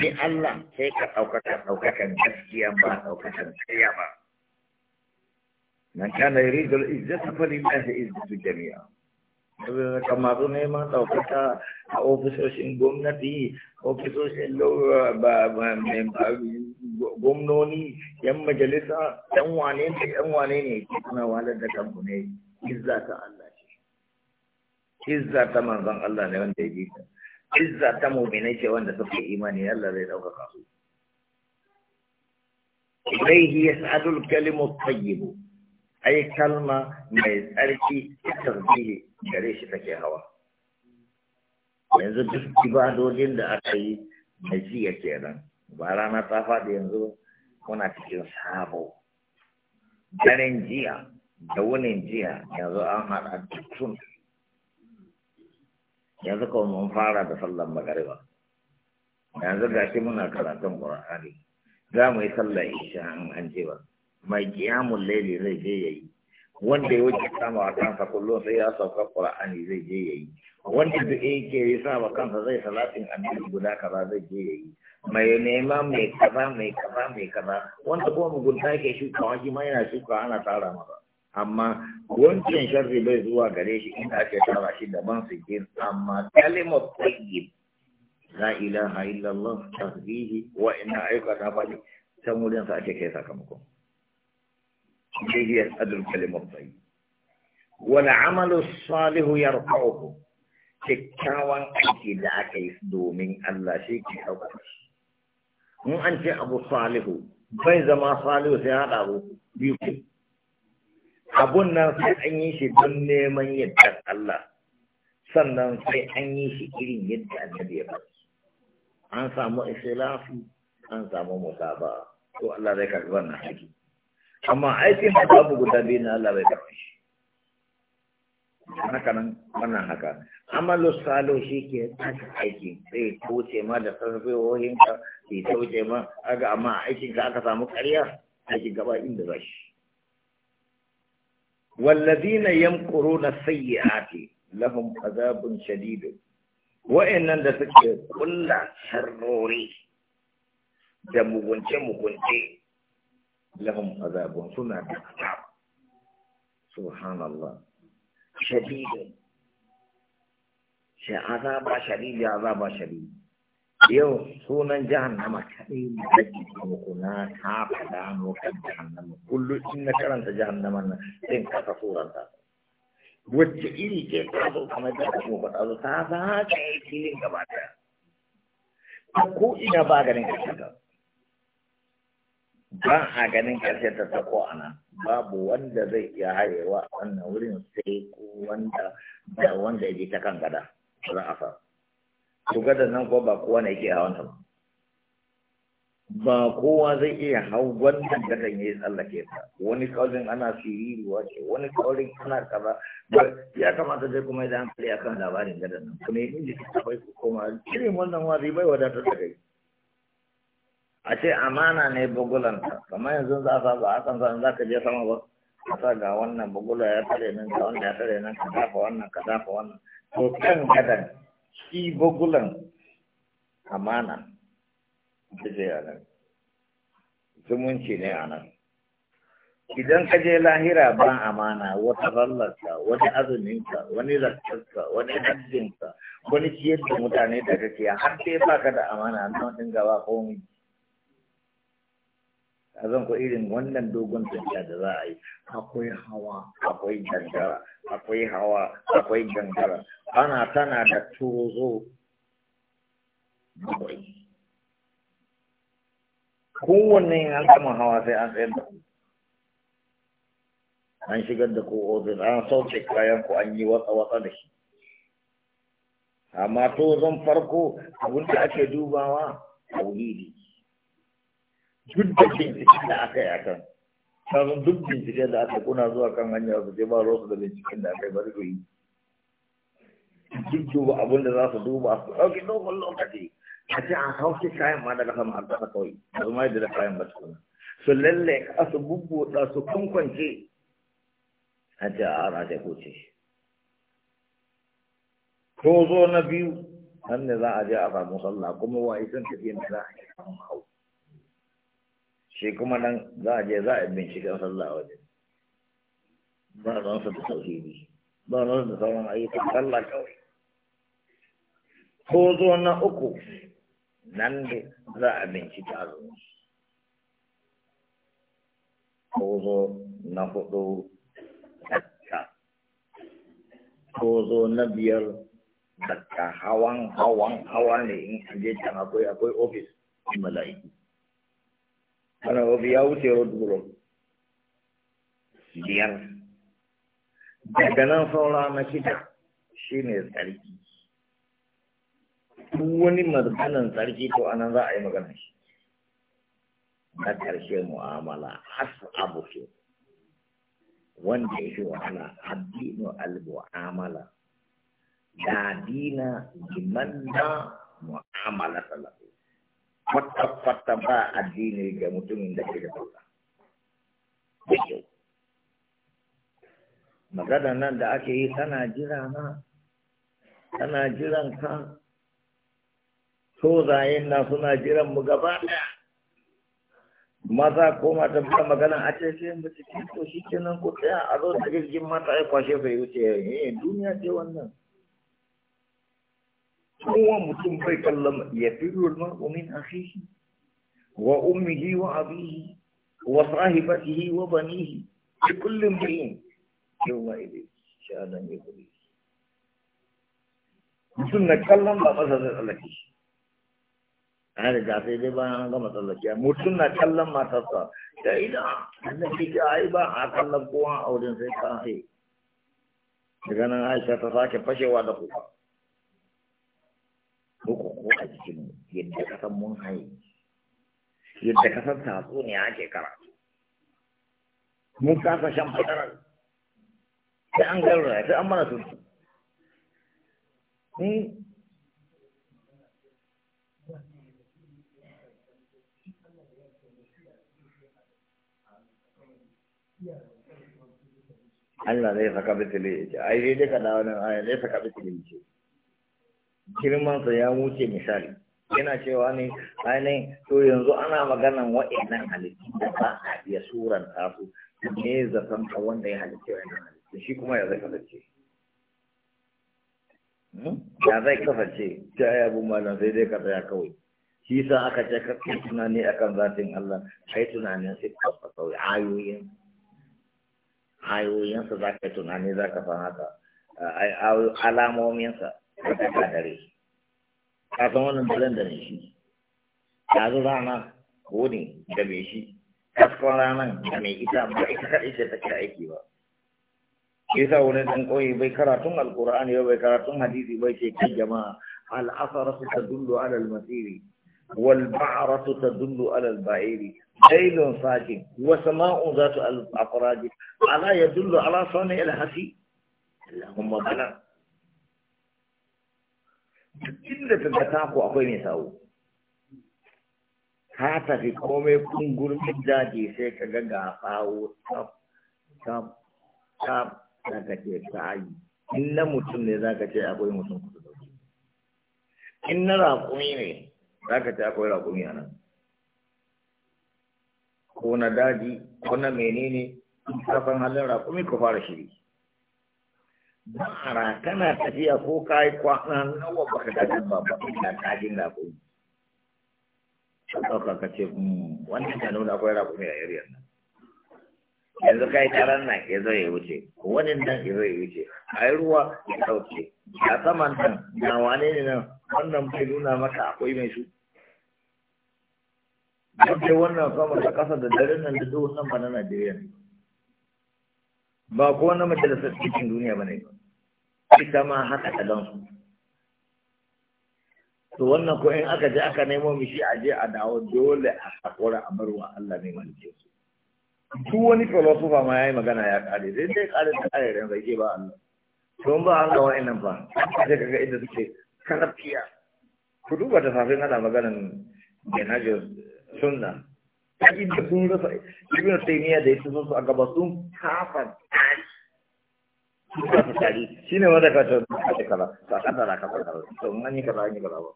Ni Allah sai ka ɗaukaka ɗaukakan gaskiya ba ɗaukakan tsaya ba man kana yuridul izzata falillahi izzatu jami'a office neman ɗaukaka a ofisoshin gwamnati ofisoshin gwamnoni yan majalisa yan wane ne yan wane ne suna walar da kanku ne izza ta Allah si izza ta manzon Allah na wanda ya ji ta izza ta mu'mina ce wanda suka imani Allah zai ɗaukaka su ilaihi yas'adul kalimu tayyibu ai kalma mai tsarki ta gare shi take hawa yanzu duk ibadodin da aka yi na jiya kenan ba rana ta faɗi yanzu muna cikin sabo daren jiya da wunin jiya yanzu an haɗa sun yanzu kawai mun fara da sallan magariba yanzu ga shi muna karatun ƙwararri za mu yi sallar isha an an ba mai kiyamun laili zai je ya yi wanda ya wuce sama a kansa kullum sai ya sauka ƙura'ani zai je ya yi wanda da ya ke sa wa kansa zai salatin annabi guda kaza zai je ya yi mai nema mai kaza mai kaza mai kaza wanda kuma mugunta ke shuka, shi ma yana shuka ana tara masa amma wancan sharri bai zuwa gare shi inda ake tara shi da su jin amma kalimar tayyib la ilaha illallah tasbihi wa inna ayyuka ta fadi can wurin sa ake kai sakamakon إليه adul kalimat الطيب والعمل amalu salihu kyakkyawan aiki da aka yi domin Allah shi ke ɗaukar an abu salihu, bai zama salihu sai haɗa abu biyu ku. Abun nan sai an yi shi don neman yadda Allah, sannan sai an yi shi irin yadda Allah ya An samu isilafi, an samu musaba, to Allah zai karɓi wannan amma aikin da babu guda biyu na Allah bai karɓi shi haka nan wannan haka amalu salo shi ke tsaka aiki sai wuce ma da sarfewohin ka sai ta wuce ma aga amma aikin ka aka samu ƙarya aikin gaba inda za shi wallazina yamquruna sayyi'ati lahum azabun shadid wa'annan da suke kula sharrori da mugunce mugunce لهم عذاب ثم عذاب سبحان الله شديد عذاب شديد عذاب شديد يوم سونا جهنم كريم جديد وقنا كعب حدان وكب جهنم كل إن كران تجهنم إن كتفورا وجئي كي تعضو كما جهنم وقتعضو تعضا كي تلين كبارا أكو إنا باغرين كتفورا ba a ganin ƙarshe ta tako a nan babu wanda zai iya harewa a wannan wurin sai ko wanda da wanda ya ta kan gada za a fa to gada nan ko ba kowa ne yake a wannan. ba kowa zai iya hau wannan gadan ya tsallake ta wani kaurin ana siriruwa ce wani kaurin ana kaza ya kamata zai kuma idan hankali akan labarin gadan nan kuma yi jiki ta bai koma irin wannan wazi bai wadatar da kai a ce amana ne bugulanta kamar yanzu za a saba a kan sanin za ka je sama ba a sa ga wannan bugula ya tare nan ka wanda ya tare nan ka dafa wannan ka dafa wannan to kan gadan shi bugulan amana da je a nan zumunci ne a nan idan ka je lahira ba amana wata rallarsa wani azuminka wani zartarka wani hajjinsa wani ciyar da mutane da kake har sai baka da amana nan ɗin gaba komai a zan ku irin wannan dogon tafiya da za a yi akwai hawa akwai gangara akwai hawa akwai gangara ana tana da tozo bakwai kowanne yin alkama hawa sai an tsayar da ku an shigar da ku ofis an sauke kayan ku an yi watsa-watsa da shi amma tozon farko abinda ake dubawa tauhidi duk da binciken da aka yi a kan sabon duk ke da aka kuna zuwa kan hanya su je ba rosu da binciken da aka yi bari koyi duk duba abin da za su duba su ɗauki dogon lokaci a ce an shi kayan ma daga sama an taɓa kawai a ma da kayan ba su su lalle ka su bubbuɗa su kankwance a ce a ana ku koce ko zo na biyu hannu za a je a samu sallah kuma wa isan tafiyan da za a yi samun hau shi kuma nan za a je za a a sallah waje. ba zan su da tauhidi ba zan da sauran ayyukan sallah kawai ko zo na uku nan ne za a bincike zuwa ko zo na hudu tsakka ko zo na biyar tsakka hawan hawan hawan ne in an je can akwai akwai ofis mala'iki wani wafi ya wuce rodulon biyar daga nan saura na shida shi ne tsarki duk wani maganan tsarki to anan za a yi magana shi na ƙarshe mu'amala abu ke wanda ya fi wahala addinu al-mu'amala da dina liman da mu'amala salafi kwata-kwata ba addini ga mutumin da ke da Allah. Magana nan da ake yi tana jira na, tana jiran ka, tozayen na suna jiran mu gaba ɗaya. Maza ko mata ba magana a ce sai mu cikin to shi kenan ko tsaya a zo da jirgin mata ya kwashe fa ya wuce eh, duniya ce wannan. هو مسلم بيت الله يبر المرء من أخيه وأمه وأبيه وصاحبته وبنيه لكل امرئ يومئذ شهادة يقول مسلم نتكلم بقى مثلا لك أنا جاسي دي بقى أنا قام أتلقى مسلم نتكلم ما تصا سيدا أنا في sako a jikinmu yadda kasan mun haye yadda kasan sako ne ake karatu mun kasa shan fadarar sai an garura sai an mana tuntu hmm? Allah zai saka bitile ya ce, ai dai ka dawo nan aya zai saka bitile ya ce. girmansa ya wuce misali yana cewa ne ainihin to yanzu ana maganan wa'annan halittu da ba a iya suran tasu ne zaton ka wanda ya halitta wa'annan halittu shi kuma ya zai kasance hmm? ya zai kasance ta ya bu malam sai dai ka tsaya kawai shi sa aka ce ka tunani akan zatin Allah kai tunanin sai ka tsawai ayoyin ayoyinsa za ka tunani za ka san haka alamominsa sai ka gagare shi ka san wannan dalan da ne shi ta zo rana ko ne da me shi kaskon ranar da mai ita ba ita kaɗai ce take aiki ba yasa wani ɗan ƙauye bai karatun alƙur'ani ba bai karatun hadisi bai ce kan jama'a al'asaratu ta ala alal masiri wal ba'ratu ta ala alal bairi dailun sakin wa sama'u za al-afraji ala yadullu ala sani al-hasi allahumma bala inda ta ta ku akwai mai sawo ka tafi komai kungurmin daji sai ka ga ga sawo tsaf tsaf tsaf za ka ce ta yi in na mutum ne za ka ce akwai mutum kudu dauki in na raƙumi ne za ka ce akwai raƙumi a nan ko na daji ko na menene san halin raƙumi ku fara shiri ma'ara kana tafiya ko ka yi kwana nawa ba ka dajin ba ba ka kajin rakumi ka ɗauka ka ce hmm, wannan ta nuna akwai rakumi a yariyar nan yanzu kai taron nan ya zo ya wuce wani nan ya zo ya wuce a yi ruwa ya ɗauke a saman nan na wane ne nan wannan bai nuna maka akwai mai su Yadda wannan sama da ƙasa da daren nan da duk wannan ba na Najeriya ne. ba ko wani majalisar cikin duniya ba ne ita ma haka su to wannan ko in aka je aka nemo mishi a je a dawo dole a haƙura a barwa Allah ne malike su duk wani philosopher ma yayi magana ya kare sai dai kare da kare ran zai ba Allah to ba Allah wa'annan ba sai kaga inda suke karafiya ku duba da safin na da maganan sunna kaji da sun rasa ibn taymiya da yake so a gaba sun kafa tari sun kafa tari shine wanda ka ta da kala ta ka da ka ka to nan yi kaza yi kaza ba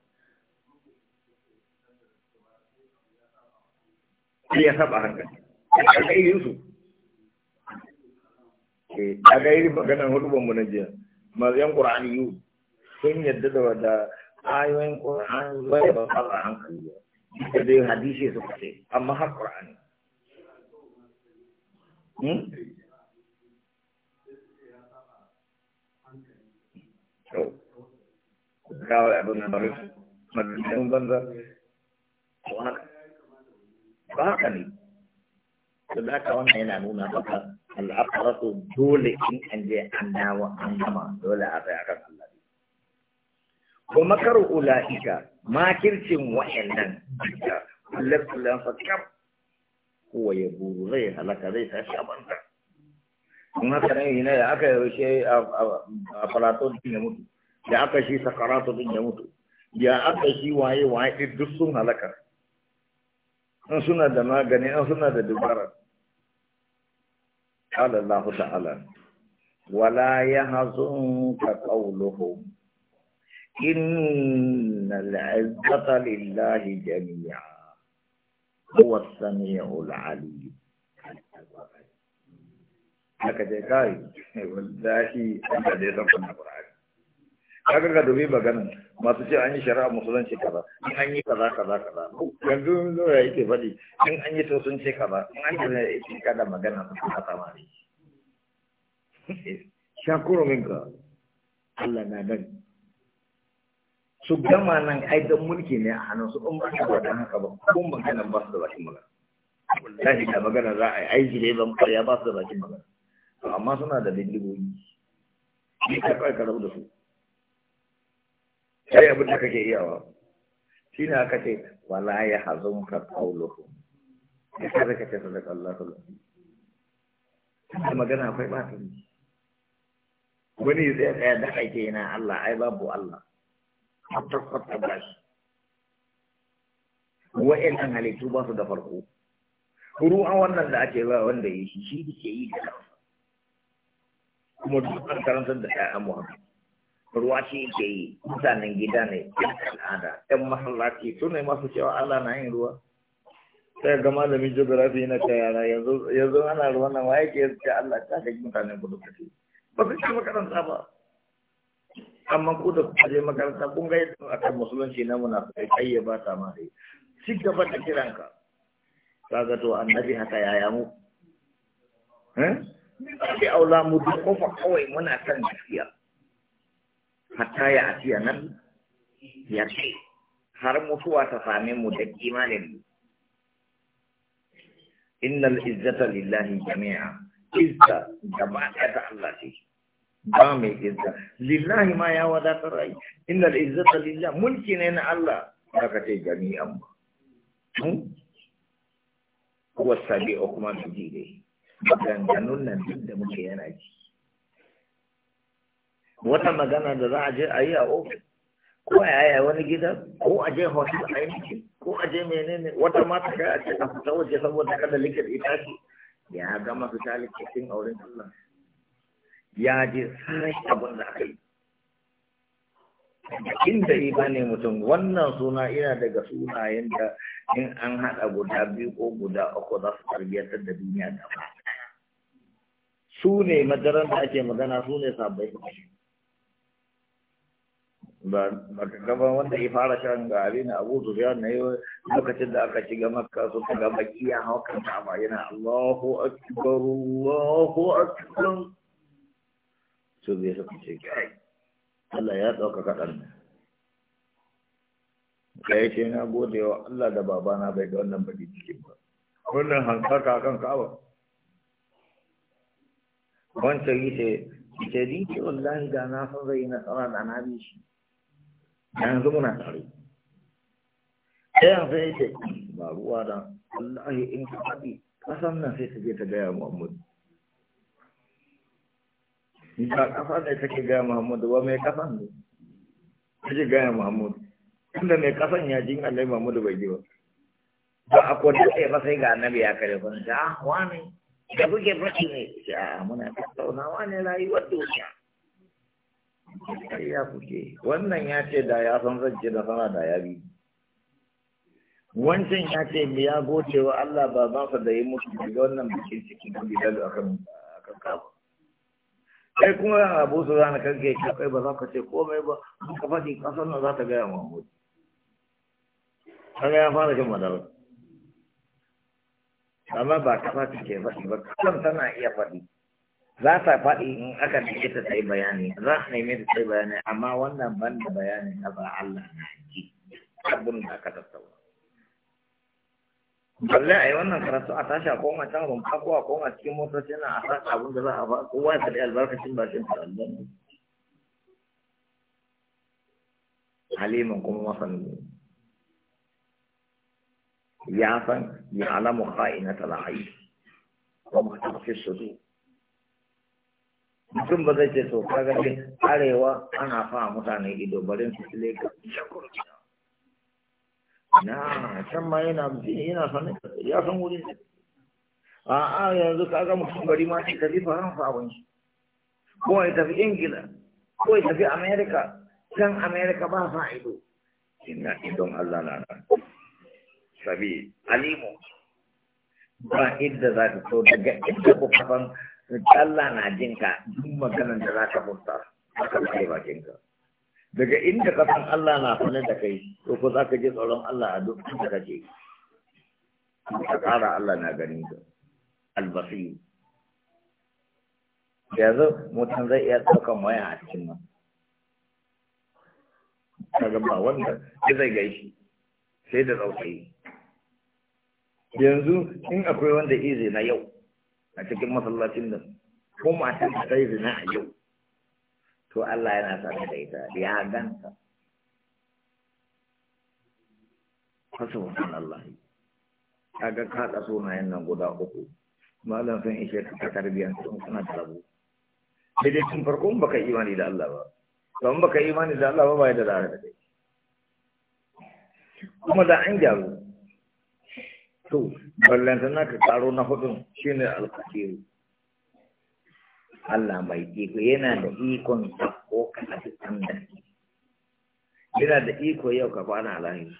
sai ya saba hankali kaga irin su eh kaga irin maganar hudubar mu na jiya maziyan qur'ani yu sun yadda da ayoyin qur'ani a hankali da dai hadisi suka ce amma har qur'ani ba haka ne su da aka wannan yana nuna maka al'afaratu dole in an je an dawo an gama dole a tsaye wa makaru ula'ika makircin wa'annan duka kullar fa kaf kowa ya buru zai halaka zai tashi a banza in haka nan yi na aka shi a falato din ya mutu ya aka shi sakarato din ya mutu ya aka shi waye waye duk sun halaka in suna da magani in suna da dubara قال الله تعالى ولا يحزنك قولهم إن العزة لله جميعا هو السميع العليم هكذا كاي والله أنت دي ربنا قرآن haka ka dubi maganin masu ce an yi shari'a musulunci kaza in an yi kaza kaza kaza yanzu zora yake faɗi in an yi to sun ce kaza in an yake kada magana su kuma samari shakuru minka Allah na nan su gama nan ai dan mulki ne a hannun su in ba su haka ba kun magana ba su da bakin magana wallahi da magana za a yi aiki ne ban ya ba su da bakin magana to amma suna da bindigogi ni ka kai ka da su sai abin da kake iyawa shi ne aka ce wala ya hazun ka kauluhu ya ka zaka ce sadaka Allah kullu magana akwai ba ta wani zai tsaya da kake yana Allah ai babu Allah kwata-kwata ba shi an halittu ba su da farko ruwan wannan da ake ba wanda ya shi shi da ke yi da kansa kuma dukkan karantar da amu haka ruwa shi ke yi mutanen gida ne yan al'ada yan masallaci su ne masu cewa allah na yin ruwa sai ga malamin geography na ta yara yanzu ana ruwan nan yake ke ce allah ta ga mutanen kudu kace ba su ce makaranta ba amma ku da kuka je makaranta kun ga yadda aka musulunci na munafikai kai ya ba ta ma dai ci gaba da kiranka kaga to annabi haka yaya mu eh sai aula mu duk kofa kawai muna san gaskiya hatta ya atiya nan ya ce har mutuwa ta same mu da imanin innal izzata lillahi jami'a izza gaba ɗaya ta Allah ce ba mai izza lillahi ma ya wadatar rai inna al-izzata lillah mulki ne na Allah aka ce jami'an ba kuwa hmm? sabi o kuma su ji dai maganganun nan duk da muke yana ji wata magana da za a je a yi a ofis ko a yaya wani gida ko a je hotel a yi ko a je menene wata mata kai a ce a fita waje saboda kada likita ita ya gama fita likitin auren Allah ya ji sarai abin da aka yi inda ne mutum wannan suna ina daga sunayen da in an haɗa guda biyu ko guda uku za su tarbiyyar da duniya da ba su ne madaran da ake magana su ne sabbin ba ka gaba wanda ya fara shan gari na abu zuriya na lokacin da aka shiga makka su ta gaba iya haukan yana allahu akbar allahu akbar su biyu suka ce kai Allah ya kaɗan ne. da yi ce na gode wa Allah da babana bai ga wannan baki cikin ba wannan hankaka kan kawo. wancan yi ce ce ni ce wallahi da na san zai yi nasara da na bi shi yanzu muna tare ɗayan sai ya ce ba ruwa da Allah in ka faɗi ƙasan nan sai ta je ta gaya muhammadu ba kafa ne take gaya Muhammadu ba mai kafa ne take gaya Muhammadu tunda mai kafan ya jin Allah Muhammadu bai ji ba ba a kwanta sai ba sai ga annabi ya kare ban ta wani da kuke faɗi ne ya muna tattaunawa ne rayuwar duniya ya kuke wannan ya ce da ya san zance da sana da ya bi wancan ya ce ya goce wa Allah babansa da yi musu daga wannan bikin cikin gidan da akan ka kawo kai kuma abu su zana kanke ki kai ba za ka ce komai ba an ka fadi kasar nan za ta gaya wa mu kaga ya fara jin madara amma ba ka fadi ke faɗi ba kasar tana iya fadi za ta faɗi in aka nemi ta sai bayani za a nemi ta sai bayani amma wannan ban da bayani na ba Allah na ji abin da aka tattauna balle a yi wannan karatu a tashi a koma can rumfa ko a koma cikin motoci na a san abin da za a ba kowa ya faɗi albarkacin bakin sa aljanna haliman kuma masani ya san ya alamu ka'ina tala'ai wa ma ta fi su mutum ba zai ce to kaga arewa ana fa mutane ido barin su lagos na can ma yana mutum yana sanin ya san wurin da a a yanzu ka ga mutum bari ma sai tafi faransa abin shi ko ya tafi ingila ko ya tafi amerika can amerika ba sa ido ina idon allah na nan sabi alimu ba idda za ka so daga inda ku kafan allah na jinka duk maganar da za ka za ka kai bakinka daga inda ka san Allah na sanar da kai to ko za ka je tsoron Allah a duk inda ka je ka tsara Allah na ganin ka albasiru yanzu mutum zai iya ɗaukan waya a cikin nan ga ba wanda ya zai gaishe sai da tsautsayi yanzu in akwai wanda izina zina yau a cikin masallacin nan ko matan ta yi zina a yau to Allah yana sane da ita ya ganta fasubhan Allah kaga ka da sunayen nan guda uku malam sun ishe ka tarbiyyar sun kana talabu sai dai tun farko baka imani da Allah ba don baka imani da Allah ba ba da zara da kai kuma da an gyaru to ballan sana ka karo na hudun shine alkafiru Allah mai iko yana da ikon ko ka tafi da yana da iko yau ka kwana lahiri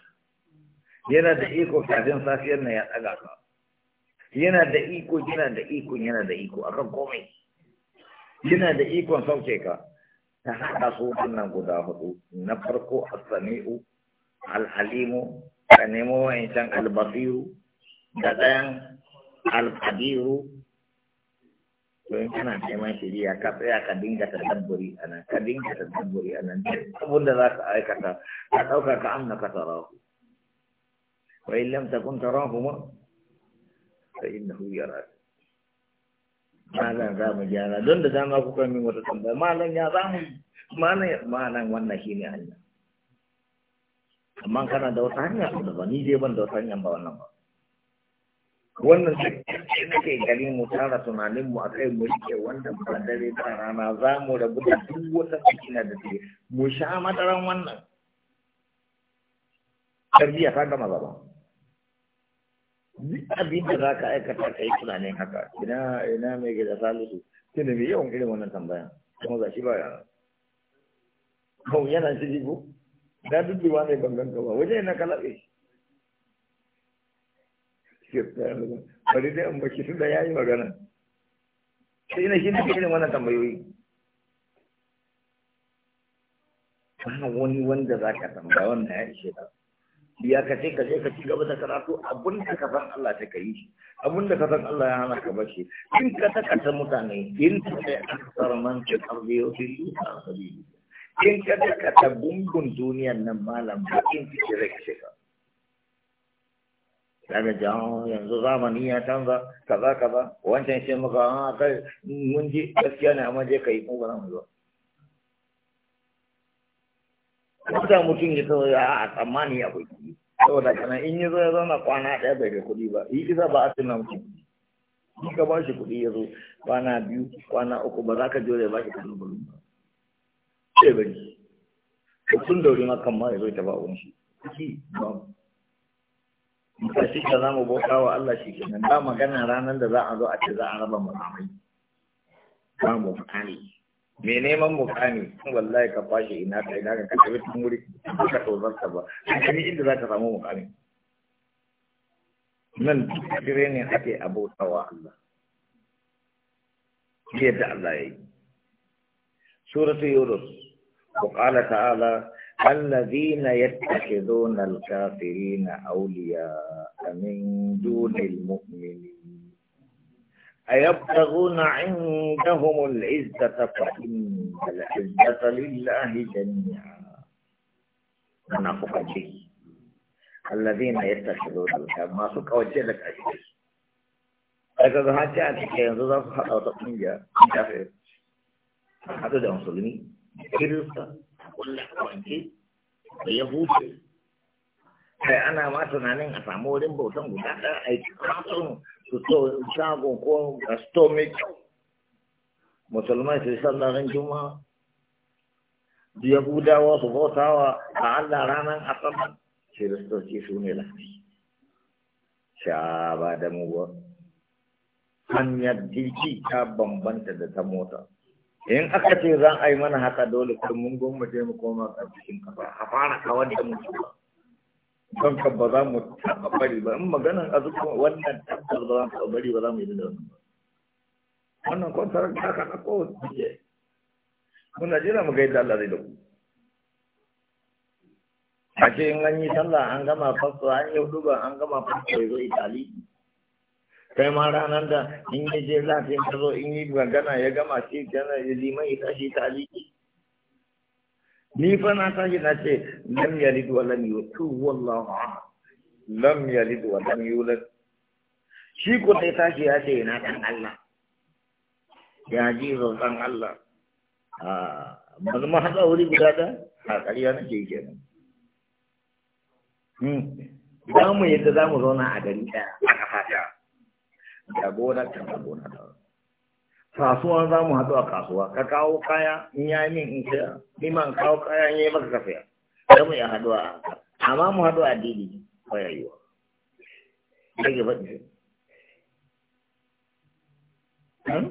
yana da iko kafin safiyar na ya tsaga ka yana da iko yana da iko yana da iko akan komai yana da ikon sauke ka ta haɗa su wannan guda hudu na farko as-sami'u al-alimu ka nemo wa'incan al-basiru da ɗayan al-qadiru don kana neman shiriya ka tsaya ka dinga tadabburi a nan ka dinga tadabburi a nan abin da za ka aikata ka ɗauka ka amna ka tarahu wa in lam takun tarahu ma fa innahu yarak malam za mu gyara don da dama kuka min wata tambaya malam ya za mu malam malam wannan shine hanya amma kana da wata hanya da ba ni dai ban da wata hanya ba wannan ba wannan sai nake gani mu tara tunanin mu akai mu rike wannan ba dare ba rana za mu rabu da duk wata cikina da take mu sha madaran wannan tarbiya ta gama ba duk abin da za ka aikata ka yi tunanin haka ina ina mai gida salisu ne mai yawan irin wannan tambaya kuma ga shi ba ya? kawai yana shi jigo da duk ne ban ganka ba waje na kalabe bari dai an baki tunda ya yi magana sai na shi nake irin wannan tambayoyi ba wani wanda za ka tambaya wannan ya ishe ka ya ka ce ka je ka ci gaba da karatu abin da ka san Allah ta kai shi abin da ka san Allah ya hana ka bashi in ka takata mutane in ka sai aksar man ta arziyo fi a sabili in ka takata gungun duniyan nan malam ba in ki kire ka daga jawo yanzu zamani ya canza kaza kaza wancan shi muka an ah, kai mun ji gaskiya ne amma je ka yi kuma mu zuwa wata mutum ya tsawo a ah, tsammani akwai kuɗi saboda kana in yi zo ya zauna kwana ɗaya bai da kuɗi ba yi isa ba a tuna mutum in ka ba shi kuɗi ya zo kwana biyu kwana uku ba za ka jure ba shi kanu bulu ba sai bari mutum dauri ma kan ma ya zo ta ba wani shi kuɗi ba ba za mu zamu wa Allah shi kenan ba magana ranar da za a zo a ce za a raba mu amai ba mu mukami me neman mukami wallahi ka fashi ina ka ina ka tafi tun wuri ka tozarta ba kan ni inda za ka samu mu mukami nan duk ne ake abota wa Allah yadda Allah ya yi suratu yunus وقال تعالى الذين يتخذون الكافرين أولياء من دون المؤمنين أيبتغون عندهم العزة فإن العزة لله جميعا منافق به الذين يتخذون الكافرين ما سوك أوجه لك أشياء أكذا هاتي كي ينزل أو تقنية كافر هذا ده مسلمين كريستا kulla kwanci da ya yahudi kai ana ma tunanin a samu wurin bautan guda ɗaya a yi kasuwan su to shago ko a stomach musulman su sallah ran juma'a yahudawa bautawa a allah ranar asabar kiristoci su ne lafi sha ba da ba hanyar jirgi ta bambanta da ta mota in aka ce za a yi mana haka dole kan mun goma je mu koma cikin kafa a fara kawar da mu don ka ba za mu taɓa bari ba in maganan azuka wannan tabbas ba za mu taɓa bari ba za mu yi da wannan ba wannan kwantar da aka ɗauko ne muna jira mu gaida Allah zai da ku a ce in an yi sallah an gama fasto an yi hudu an gama fasto ya zo itali kai ma ranar da in yi je lafiya ta zo in yi magana ya gama shi gana ya liman ya tashi ta aliki ni fa na tashi na ce lam yalid wa lam yulad wallahu ahad lam yalid wa lam yulad shi ko sai tashi ya ce ina dan Allah ya ji roƙon Allah a ah, ban ma haɗa wuri guda da a ƙarya nake kenan hmm. za mu yadda za mu zauna a gari ɗaya a ƙasa ɗaya da gona kan da gona ta kasuwa za mu haɗu a kasuwa ka kawo kaya in ya min in saya ni man kawo kaya in yi maka kafiya sai mu ya haɗu a amma mu haɗu a didi ko ya yi wa sai gaba hmm?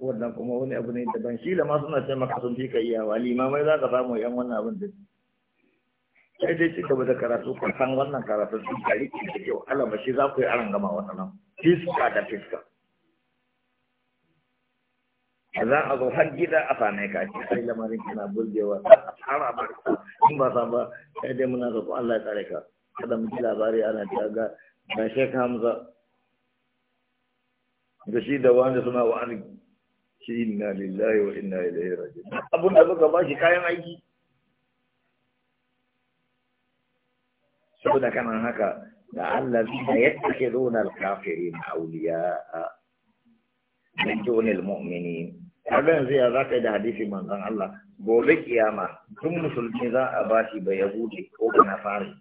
wannan kuma wani abu ne daban shi da ma suna ce maka sun fi ka iyawa limamai za ka samu yan wannan abin da sai dai ci gaba da karatu ko san wannan karatu sun kari ki da Allah alama shi za ku yi aran gama wannan nan fiska da fiska za a zo har gida a same ka ce sai lamarin kana burgewa a tsara ba in ba sa ba sai dai muna roƙo Allah ya tsare ka kada mu ji labari ana ta ga ga Sheikh Hamza da shi da wani suna wa'ani shi inna lillahi wa inna ilaihi raji'un abun da suka ba shi kayan aiki saboda da kanan haka da Allah da yadda ke zonar na auliya a min dunil mu'mini abin zai za ka yi da hadisi manzan Allah gobe kiyama tun musulmi za a bashi ba yahudi ko ba nasari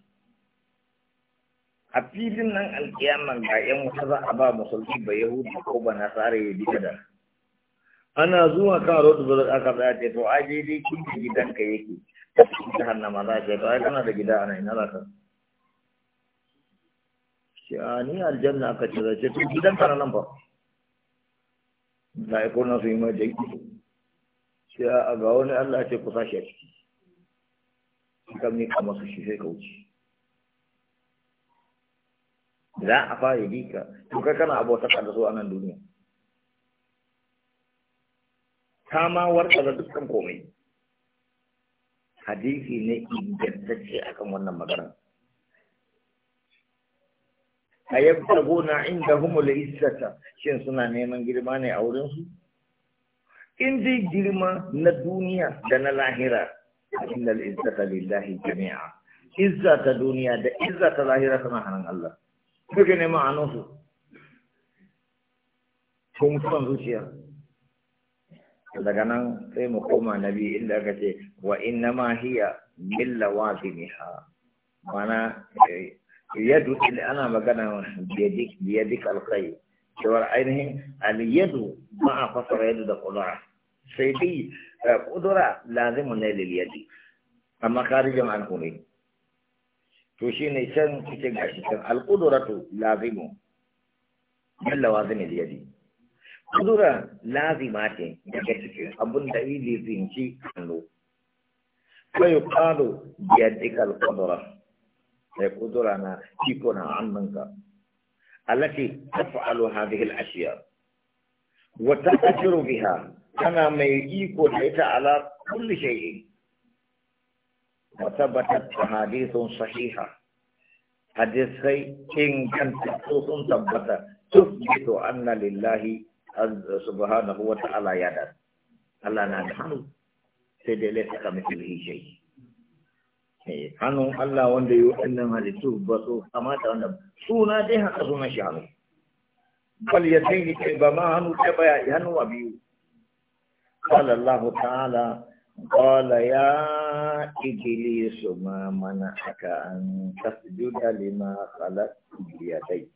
a filin nan alkiyaman ga yan wata za a ba musulmi ba yahudi ko ba nasari ya bisa da ana zuwa kan da ba aka tsaya ce to aje dai kin gidanka yake ta hannama za ka yi to ai kana da gida ana ina za ka ce ni aljanna aka ce zace to gidan ka nan ba? na ko na su yi dai jai ce a ga wani Allah ce ku sashi a ciki kam ni kama su shi sai ka wuce za a fara bi ka to kai kana abota ka da su a nan duniya ta ma warka da dukkan komai hadisi ne ingantacce akan wannan magana a yabtaguna humul izzata shin suna neman girma ne a wurin su in dai girma na duniya da na lahira innal izzata lillahi jami'a izza duniya da izza lahira suna hannun Allah kuke ne ma'anar su ko san zuciya daga nan sai mu koma nabi inda aka ce wa inna ma hiya min mana yadu ana magana biyadik biyadik alkhair cewar ainihin aliyadu ma a fasara yadu da kudura sai dai kudura eh, lazimu ne yadi. amma karijin alkuri to shi ne can cikin gashi can alkuduratu lazimu yan ne liliyadi kudura lazima ce daga cikin abin da ili a hannu kai biyar biyadikal kudura قدرنا فيكنا عمنك التي تفعل هذه الأشياء وتأثر بها أنا ما يكون ليس على كل شيء وثبتت أحاديث صحيحة حديث حديثي إن كانت خصوص ثبت تثبت أن لله سبحانه وتعالى يدا الله نعم سيدي ليس كمثله شيء Eh, hannun Allah wanda yi waɗannan halittu ba su kamata wanda suna dai haka suna shi hannu bal ya sai ce ba ma hannu ta baya hannu a biyu qala Allah ta'ala qala ya iblis ma mana aka an tasjuda lima khalaqtu bi yadayya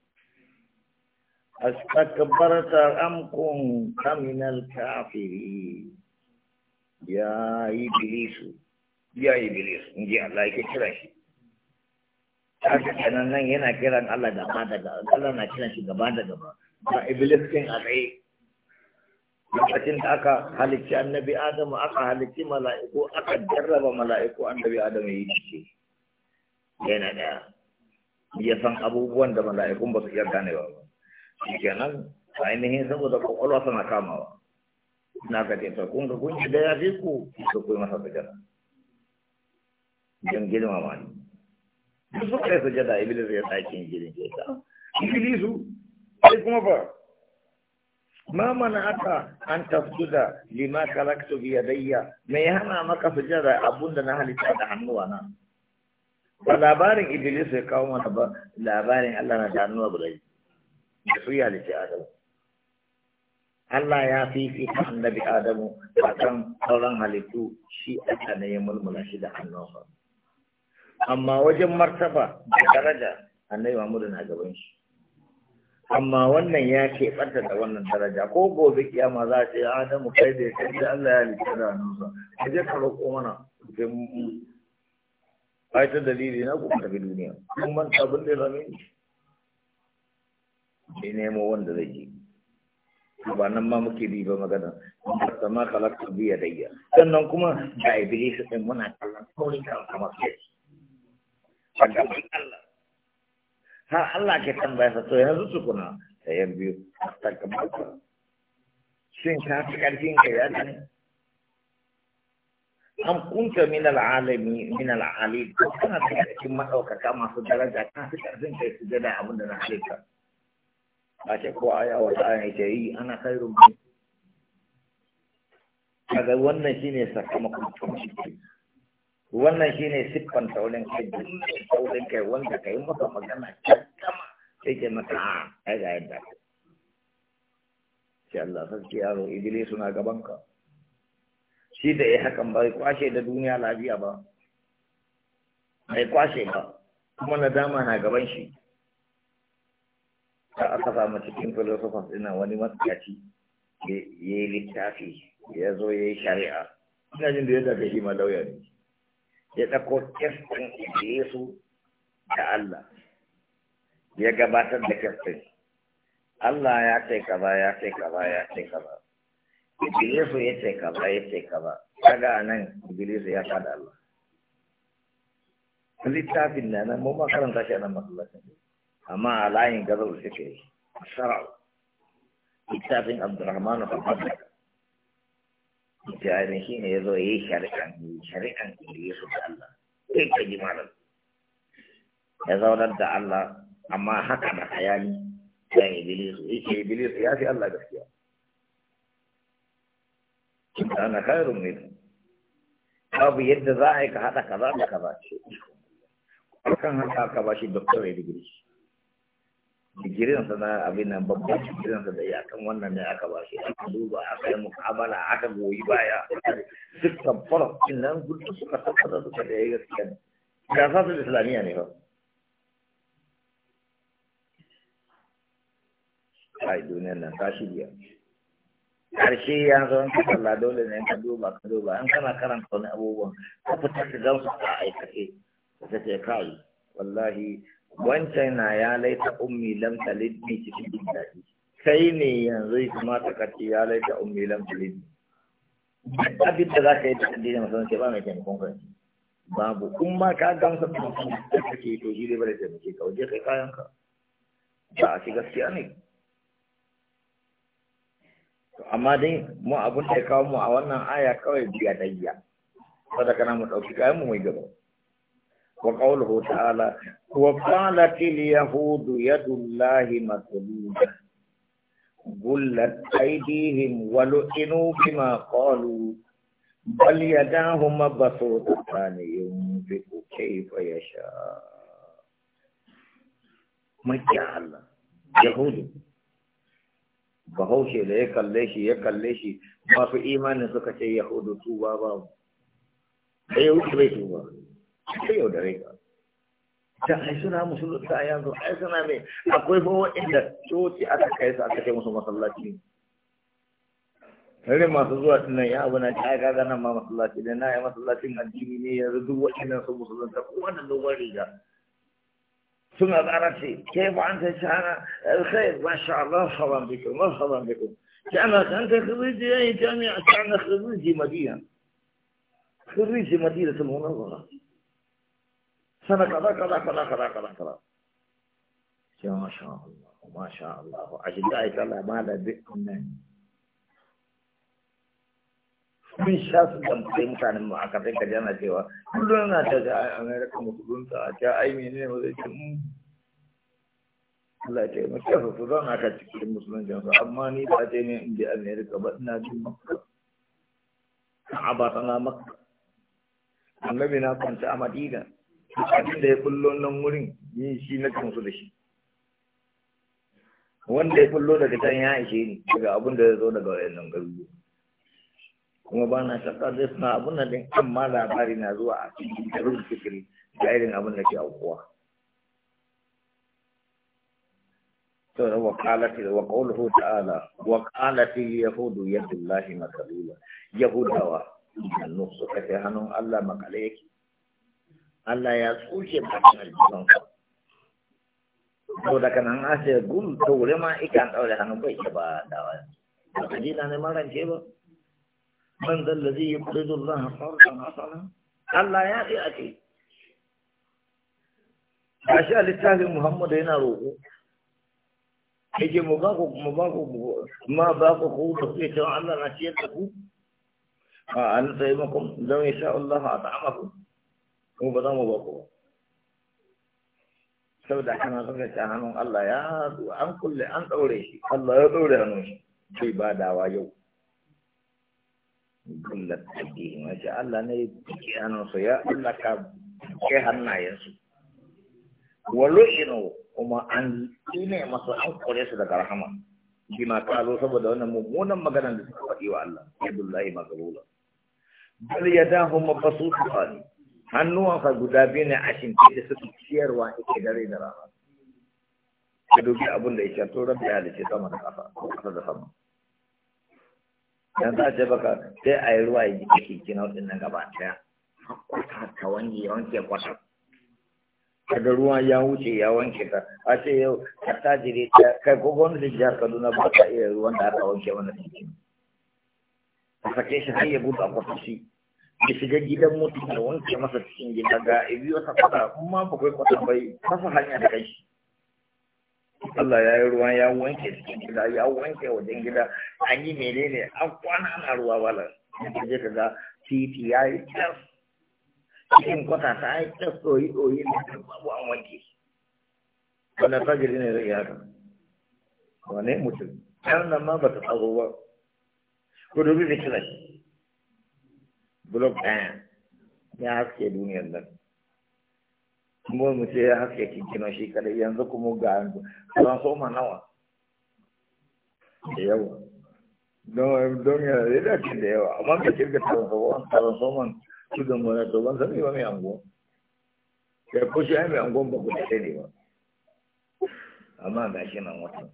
أستكبرت أم كنت من الكافرين يا إبليس ya iblis inji Allah yake kira shi haka kenan nan yana kiran Allah gaba da gaba Allah na kiran shi gaba da gaba ba iblis kin a tsaye lokacin da aka halicci annabi adamu aka halicci mala'iku aka jarraba mala'iku annabi adamu yi cike yana daya ya san abubuwan da mala'ikun ba su iya ganewa ba shi kenan ainihin saboda kwakwalwa suna kamawa na ga ke ta kun ga kun da ya fi ku ku kuma masa sujada don girmama ni duk Su yi sujada iblis ya sake yin girin ke ta iblisu sai kuma ba ma mana aka an tafsuda lima kalaktu bi yadayya me ya hana maka sujada abunda na halitta da hannuwa na ba labarin iblis ya kawo mana ba labarin Allah na da hannuwa guda da su ya halitta adamu Allah ya fifita annabi Adamu a kan sauran halittu shi aka ne ya mulmula shi da hannunsa. amma wajen martaba da daraja annabi Muhammadu na gaban shi amma wannan ya ke ɓata da wannan daraja ko gobe kiyama za a ce Adamu ah, kai da ya da Allah ya halitta da hannunsa ka je ka roƙo mana sai ai ta dalili na ku tafi duniya kun manta abin da zame ni sai nemo wanda zai je ba nan ma muke bi ba magana ta ma kalakta biya dayya sannan kuma da iblis din muna kallon kawai kan kamar sai a gaban Allah har Allah ke tambaya sa to yanzu tukuna sayan biyu ta gabata shin ka fi ƙarfin ka ya ne an kunta min al'alami min al'ali ko kana da cikin madaukaka masu daraja ka fi ƙarfin kai su jada abin da na halitta a ce ko aya wata aya ce yi ana kai rubu kaga wannan shine sakamakon tuntun wannan shine siffan taurin kai taurin kai wanda ka yi masa magana kyakkyama sai ke maka a ah, ya ga yadda sai Allah sarki yaro idile suna gaban ka shi da ya hakan bai kwashe da duniya lafiya ba bai kwashe ba kuma nadama na gaban shi ta aka samu cikin filosofas ina wani matsayaci ya yi littafi ya zo ya yi shari'a ina jin da ya zafi shi ma lauya ne ya ɗauko kyastin Yesu da Allah ya gabatar da kestin. Allah ya ce kaza ya ce kaza ya ce kaza Ibilisu ya ce kaza ya ce kaza kaga nan Ibilisu ya kada Allah littafin na nan mun makaranta shi a nan masallacin amma a layin gazar suke yi. sarau littafin Abdurrahman Muhammad jami'in shi ne ya zo ya yi shari'an shari'an Yesu da Allah sai ka ji malam ya zaunar da Allah amma haka na da hayali da ke yake Iblis ya fi Allah gaskiya ana mai min babu yadda za a yi ka haɗa kaza da kaza ce kan haka ka ba shi doktor ya digiri sa na abin nan babban digirinsa da ya kan wannan ne aka ba shi aka duba aka yi mukabala aka goyi baya dukkan farok fara. nan gudu suka tabbata suka da ya gaskiya ne ga su islamiyya ne ba ai duniyar nan ta biya. karshe ya zo an la dole ne ka duba ka duba an kana karanta wani abubuwan ka fitar da gamsu a aikace ka ce kai wallahi wancan na ya laita ummi lam bi cikin jin daɗi kai ne yanzu ya kamata ka ce ya laita ummi lam talid abin da za ka yi da addini masu ba mai taimakon ka babu in ba ka gamsa da mutum da kake to shi zai bada taimake ka waje kai kayan ka ba a ci gaskiya ne amma dai mu abun da ya kawo mu a wannan aya kawai biya dayya saboda kana mu ɗauki kayan mu mai gaba وقوله تعالى وقالت اليهود يد الله مسلوبة غلت أيديهم ولئنوا بما قالوا بل يداه مبسوطتان ينفق كيف يشاء جعل يهود بهوشي da ya kalle shi ya kalle shi masu imanin suka ce بيتوبا sai yaudare ka da ai suna musulunta a yanzu ai suna mai akwai fawo inda coci aka kai su aka kai musu masallaci Rere masu zuwa tunan ya abu na ci aika ganin ma masallaci ne na yi masallacin addini ne yanzu duk waɗannan sun musulunta kowane dogon riga ثم أردت كيف أنت أنا الخير ما شاء الله مرحبا بكم مرحبا بكم كأنك أنت خريجي أي جامعة أنا خريجي مدينة خريجي مدينة المنورة sana kaza kaza kaza kaza kaza kaza sai masha Allah masha Allah a jin da ai Allah ma da duk nan mun sha su da mutanen mu aka sai ka jana cewa kullum na ta ga America mu kudin ta ai menene mu zai ce mm. Allah ce mu kafa su zan aka cikin musulunci amma ni ba ce ne in je ba ina jin makka Ka'aba tana makka annabi na kwanta a Madina abin da ya kullo nan wurin yin shi na kansu da shi wanda ya kullo daga can ya ishe ni daga abin da ya zo daga wayannan garuruwa kuma ba na shakka zai suna abin nan ɗin, amma labari na zuwa a cikin garin fikiri da irin abin da ke aukuwa to da wakalati wa qawluhu ta'ala wa qalati yahudu yadullahi makalula yahudawa idan suka ce hannun Allah makale yake Allah ya tsuke bakin aljihun to daga nan an ce gul to wuri ma ikan daure hannu bai ke ba dawa ba ji na neman rance ba man zallazi yi kudin zan da hasarar Allah ya ce a ce a shi a littafin Muhammadu yana roƙo yake mu ba ku mu ba ku ma ba ku ku da kuke cewa Allah na ciyar da ku a an tsaye makon ya sha Allah a ta'amaku mu ba za mu ba kowa saboda kana son ka hannun Allah ya an kulle an ɗaure shi Allah ya ɗaure hannun shi ba dawa yau gullar tabi wace Allah ne ya hannunsu ya Allah ka buke hannayensu wallo ino kuma an ne masu an kore su daga rahama bi ma kalo saboda wannan mummunan maganar da suka faɗi wa Allah ya billahi magalula bal yadahu hannuwanka guda biyu ne a shinke da suke ciyarwa ake dare da rana ka dubi abin da ya tura da ya ce sama da ƙasa ko ƙasa da sama yanzu a ce baka sai a yi ruwa ya ji kake kina waɗin nan gaba ɗaya kwata ka wanke wanke kwata kaga ruwa ya wuce ya wanke ka a ce yau ka jire ta kai ko da jihar kaduna ba ta iya ruwan da aka wanke wannan cikin a sake shi har ya buɗe a shi. da shiga gidan mutum ya wanke masa cikin gida ga ibi wasa kwata kuma bakwai kwata bai fasa hanya da kai Allah ya yi ruwa ya wanke cikin gida ya wanke wajen gida an yi ne an kwana ana ruwa wala je ka ga titi ya yi kyas cikin kwata ta yi tas ɗoyi ɗoyi ta babu an wanke ta fajiri ne zai yi haka wane mutum Yan nan ma ba ta tsaro ba ku dubi da shi blok ɗaya ya haske duniyar nan kuma mu ce ya haske kinkino shi kadai yanzu kuma ga yanzu ran soma nawa da yawa ya ce ka kirga taron soma taron soma su da mana to ban sani ba mai ango kai ko angon ba ku da ne ba amma ga shi nan wata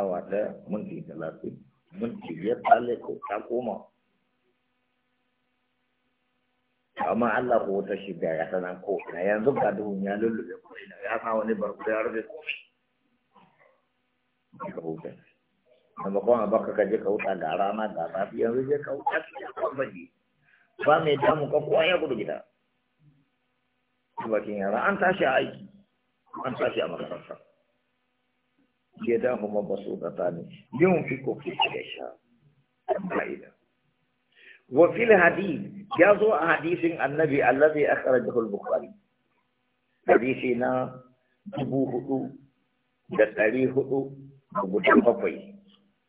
awa ɗaya minti talatin minti biyar tsalle ko ta koma amma Allah ko wata shi da ya sanar ko ina yanzu ga duhun ya lullube ko ina ya sa wani barku ya rufe ko ina ka huta amma kuma baka ka je ka huta ga rana ga zafi yanzu je ka huta cikin kwamfani ba mai damu ka kowa ya gudu gida bakin yara an tashi a aiki an tashi a makaranta ke da kuma basu ta tani yin fi kofi da sha ba idan وفي الحديث جاءوا حديث النبي الذي أخرجه البخاري حديثنا دبوه دتاريه دبوه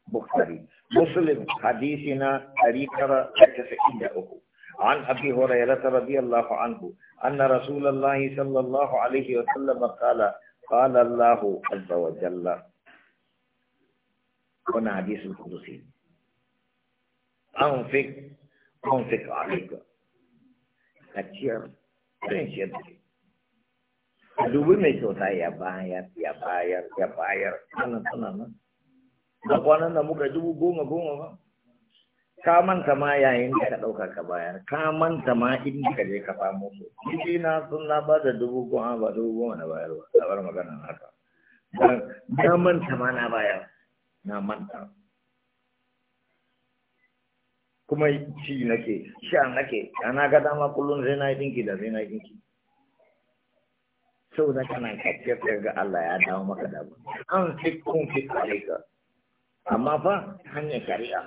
بخاري مسلم حديثنا أريكرا تسعين أخو عن أبي هريرة رضي الله عنه أن رسول الله صلى الله عليه وسلم قال قال الله عز وجل هنا حديث القدسي أنفق conflict alika ka ciyar dubi mai kyauta ya bayar ya bayar ya bayar dubu ka ma yayin da ka ɗauka ka bayar ka manta ma inda ka je ka samu su shi na sun na ba da dubu goma ba dubu goma na bayar ba magana haka na manta ma na bayar na manta kuma ci nake sha nake ana ga dama kullum sai na yi dinki da sai na yi dinki sau da kana kafiyar ga Allah ya dawo maka da mu. an fi kun fi ka. amma fa hanyar shari'a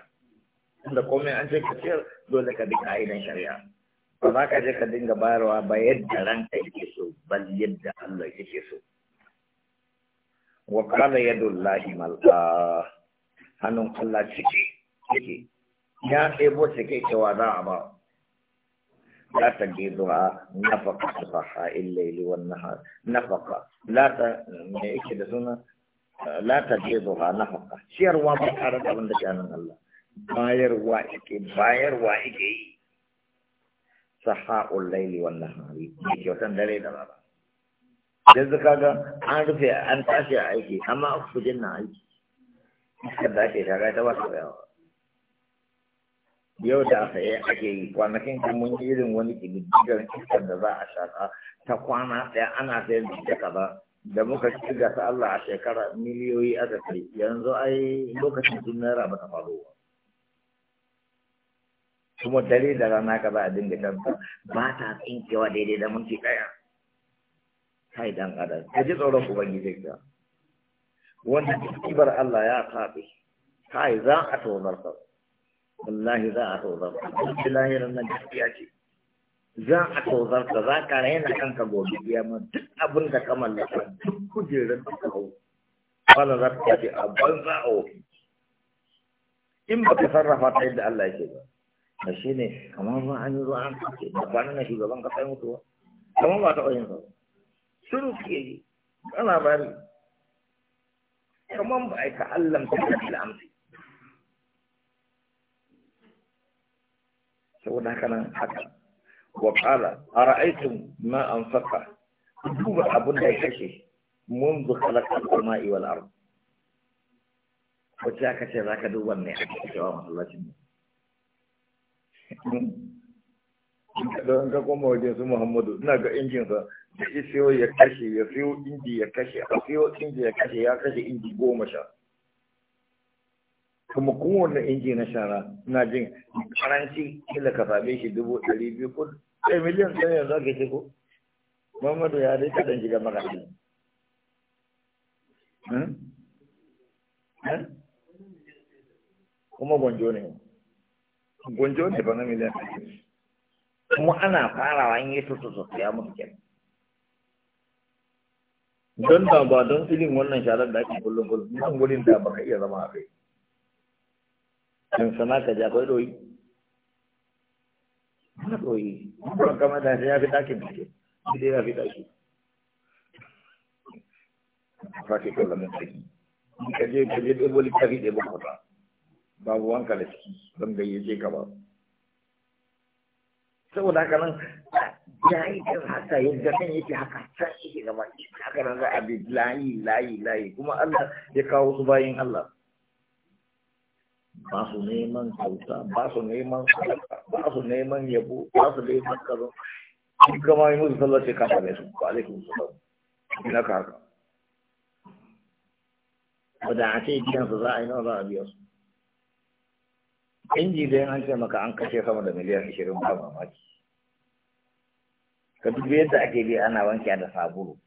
da komai an ce ka kafiyar dole ka bi ka'idan shari'a ba za ka je ka dinga bayarwa ba yadda ranka yake so ba yadda Allah yake so wa qala yadullahi mal'a hannun Allah cike yake ya ɗebo su za a ba la ta ge zuwa nafaka su wannan har lata mai ike ciyarwa ba tare da abin da ke Allah bayarwa ike bayarwa yi sahaul laili wannan har ne kyautan dare da baba dan ga an rufe an tashi aiki amma ku na aiki ka dace ta ba ta wasu yawa yau da yi ake yi kwanakin kan mun yi irin wani kididdigar iskar da za a shaka ta kwana ɗaya ana sayar da ita kaza da muka shiga ta Allah a shekara miliyoyi aka kai yanzu ai lokacin sun naira ba ta faru ba kuma dare da rana kaza a dinga kanta ba ta tsinkewa daidai da minti ɗaya kai dan adam ka ji tsoron ubangiji ka wannan kibar Allah ya Ta kai za a tozarta wallahi za a ka. duk lahirin nan gaskiya ce za a ka za ka raina kanka gobe kiyama duk abin da ka mallaka duk kujerar da ka hau wala za ka ce a banza a wofi in ba ka sarrafa ta yadda Allah yake ba da shi ne kamar ba an yi ruwa an kace da kwanan shi shugaban kasa ya mutuwa kamar ba ta yin ba shiru ke yi ana bari kamar ba aika Allah ta da amsi saboda haka nan haka wa qala ara'aytum ma anfaqa duba abun da ya kashe منذ خلق السماء والارض wacce aka ce za ka duba ne ake cewa masallacin ne don ka kuma waje su muhammadu ina ga injinsa da isiyo ya kashe ya fiyo inji ya kashe a fiyo inji ya kashe ya kashe inji goma sha kuma kowane inji na shara na jin karanci kila ka same shi dubu ɗari biyu ko ɗaya eh, miliyan ɗaya yanzu ake ce ko Muhammadu ya dai kaɗan shiga magana. Hmm? Eh? Kuma gwanjo ne. Gwanjo ne ba na miliyan ɗari. Kuma ana farawa in yi tututu ya mutu kenan. Don da ba don filin wannan sharar da ake kullum kullum, nan gudun da baka iya zama a kai. kan sana ka ji akwai doyi ba doyi ba kama da ya fi ɗakin da ke dai ya fi ɗaki fake kallon mutane ka je ka je ɗebo littafi ɗebo kwata babu wanka da ciki don gayyace ka ba saboda haka nan yi kan haka yadda kan yake haka ce yake gaba haka nan za a bi layi layi layi kuma Allah ya kawo su bayin Allah ba su neman kauta ba su neman sadaka ba su neman yabo ba su neman kaza in gama yi musu sallar shekara kafa ne su ba alaikum salam ina na kaka wadda a ce biyan su za a yi nawa za a biya su inji da an ce maka an kashe sama da miliyan ashirin ba mamaki ka dubi yadda ake biya ana wanke da sabulu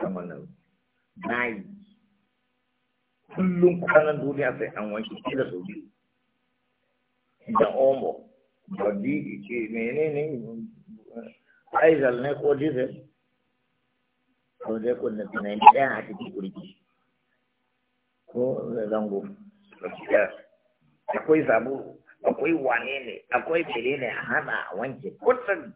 kamar nan bayi kullum kwanan duniya sai an wanke shi da sau biyu da omo da didi ce menene aizal ne ko dizel? ko dai tunai ne ɗaya a cikin kurki ko zango akwai sabo akwai wane ne akwai fere ne a hana a wanke kusan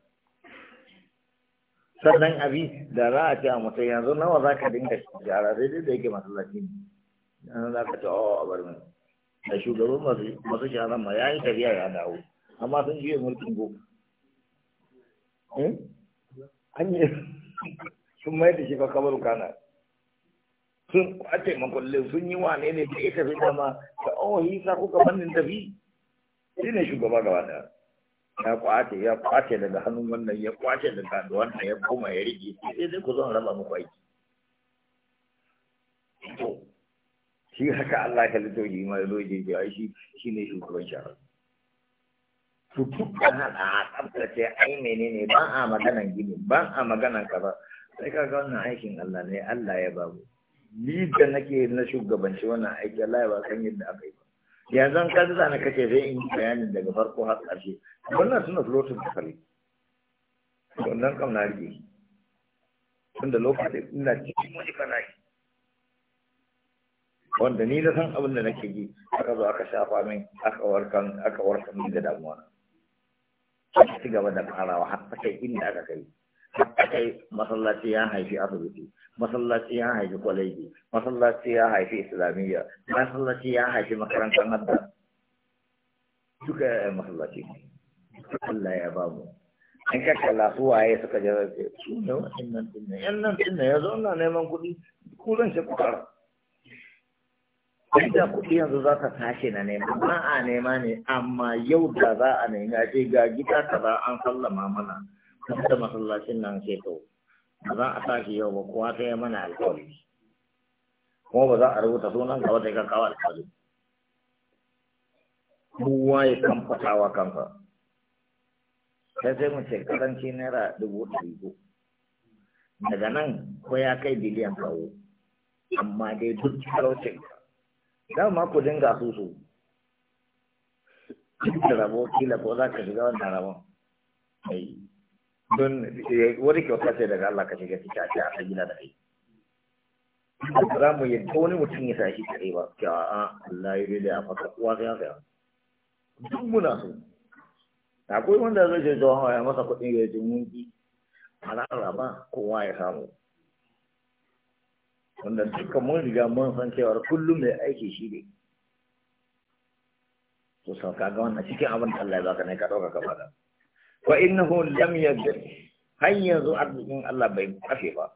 sannan abi da za a ce a mutum yanzu nawa za ka dinga shi gyara daidai da yake masallaci ne yanzu za ka tawo oh, a bar mai da shugaban masu shaharar ma ya yi tafiya ya dawo amma sun jiye mulkin go eh? an yi sun mai da shi fa kabaru kana sun kwace makullin sun yi wane ne da ita fi dama ta oh yi sa kuka bannin tafi shi ne shugaba gaba daya ya kwace ya kwace daga hannun wannan ya kwace daga wannan ya koma ya rike sai dai ku zo raba muku aiki shi haka Allah ka lito shi ma zo je shi shi ne shugaban shara su tuka hada a tsabtace ai menene ba a maganan gini ba a maganan ba sai ka ga wannan aikin Allah ne Allah ya babu ni da nake na shugabanci wannan aiki Allah ya ba san yadda aka yi ba yanzu ka da na kace sai in bayanin daga farko har ƙarshe wannan suna floating da kare wannan kam na rige tunda lokacin ina cikin wani bala'i wanda ni da san abin da nake ji aka zo aka shafa min aka warkan aka warkan min da damuwa aka ci gaba da farawa har ta kai inda aka kai aka kai masallaci ya haifi asibiti masallaci ya haifi kwaleji masallaci ya haifi islamiyya masallaci ya haifi makarantar hadda duka masallaci Allah ya ba mu an kakkalla su waye suka je su ne wa'annan din ne yan nan din ne ya zo neman kuɗi ku ce ku fara. duk da kuɗi yanzu za ka tashi na nema ba a nema ne amma yau da za a nema ce ga gida za an sallama mana kan da masallacin nan ke to ba za a tashi yau ba kowa yi mana alƙawari kuma ba za a rubuta sunan ka wata ka kawo alkawari kowa ya kan wa kansa sai sai mu ce karanci naira dubu ɗari ko daga nan ko ya kai biliyan kawo amma dai duk talaucin ka dama ku dinga su su rabo kila ko za ka shiga wannan rabon don wani ta ce daga Allah ka shiga cikin ta ce a gina da kai za mu yadda wani mutum ya tashi kare ba ke a Allah ya yi a faka kuwa sai haka duk muna so akwai wanda zai zo zuwa ya masa kuɗin ya ji mun ji a rarraba kowa ya samu wanda duka mun riga mun san cewar kullum mai aiki shi ne to sau ga wannan cikin abin da Allah ya baka ne ka ɗauka gaba da wa innahu lam yajid har yanzu arzikin Allah bai kafe ba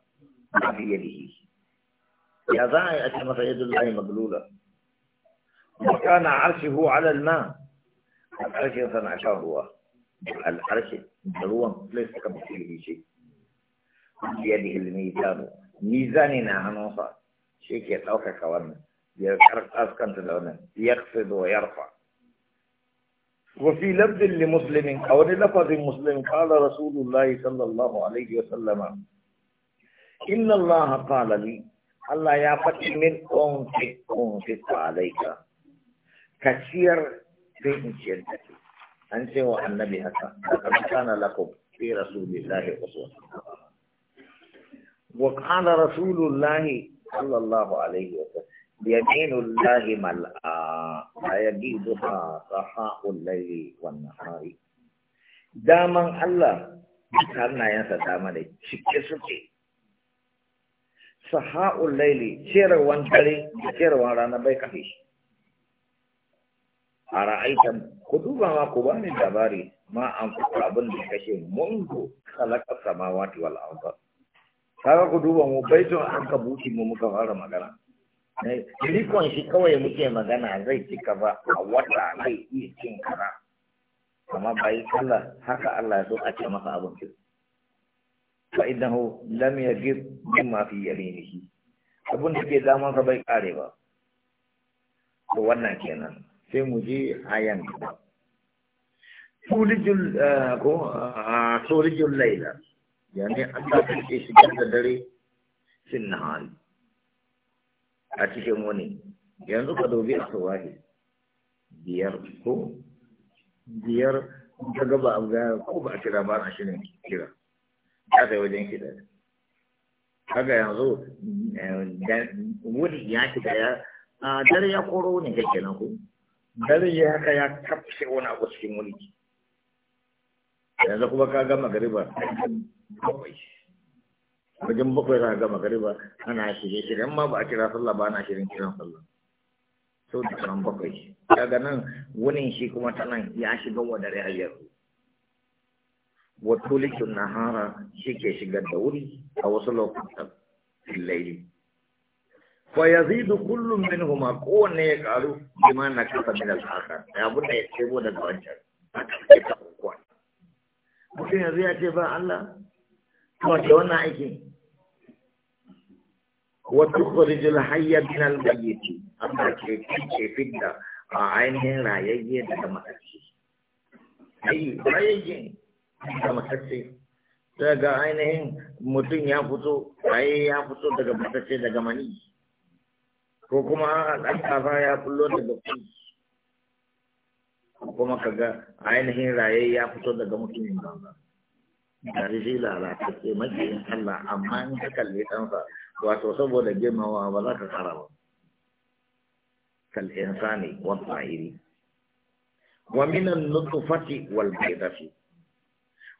ba fi yadihi ya za a yi a ce masa yadda Allah ya maglula wa kana arshihu ala al-ma al'arshin sana kan ruwa Al'arshe, da ruwan lai suka mutu yi ce yadihi al-mizanu ميزاننا na شيك shi ke ɗaukaka wannan ya ƙaskanta da wannan وفي لفظ لمسلم أو لفظ مسلم قال رسول الله صلى الله عليه وسلم إن الله قال لي الله يا فتي من أنفق أنفق عليك كثير في إنشيرتك أنت النبي هكذا كان لكم في رسول الله وسلم وقال رسول الله صلى الله عليه وسلم يمين الله ملأى لا يجيدها صحاء الليل والنهار دام الله كان ينسى داما دي شكي شكي صحاء الليل شير وان وانتري شير وان وارانا بيكفيش أرأيتم خذوا ما قبان الدباري ما أنفق أبن بكشي منذ خلق السماوات والأرض kaga ku duba mu baitun an ka buci mu muka fara magana eh, rikon shi kawai muke magana zai cika ba a wata zai iya cin kara. amma bai Allah haka Allah ya so a ce masa abin fa idahu lam yajid mimma fi yaminihi abun da ke zaman sa bai kare ba to wannan kenan sai mu ji ayan tulijul eh, ko tulijul ah, laila يعني الله تكي شكرا دري في a cikin wani yanzu ka dobi a sawahi biyar ko biyar ta gaba a gaya ko ba a kira ba na shirin kira ta sai wajen kiɗa kaga yanzu eh, wuri ya kiɗa ya a dare ya koro ne kake nan ku dare ya haka ya kafshe wani abu cikin wani yanzu kuma ka gama gariba bakwai wajen bakwai za a gama ba ana shirye shiryen ma ba a kira sallah ba ana shirin kiran sallah sau da kan bakwai daga nan wunin shi kuma ta nan ya shiga wa dare har yanzu wato likin nahara shi ke shigar da wuri a wasu lokutan laili fa da kullum huma kowanne ya karu jima na kasa min al'aka ya abun ya tsebo daga wancan mutum yanzu ya ce ba Allah kawai ke wannan aiki wata kurijin hayar min albayyaki amma ke ce fidda a ainihin rayayye daga matsarci ayi rayayye daga matashi daga ainihin mutum ya fito raye ya fito daga matashi daga mani ko kuma ɗan kafa ya kullo daga kuɗi kuma kaga ainihin raye ya fito daga mutumin banza gari shi lalatacce makiyin Allah amma in ka kalli ɗansa wato saboda girmamawa ba za ka tsara ba kal ne Wani ta'iri wa minan an-nutfati wal baydati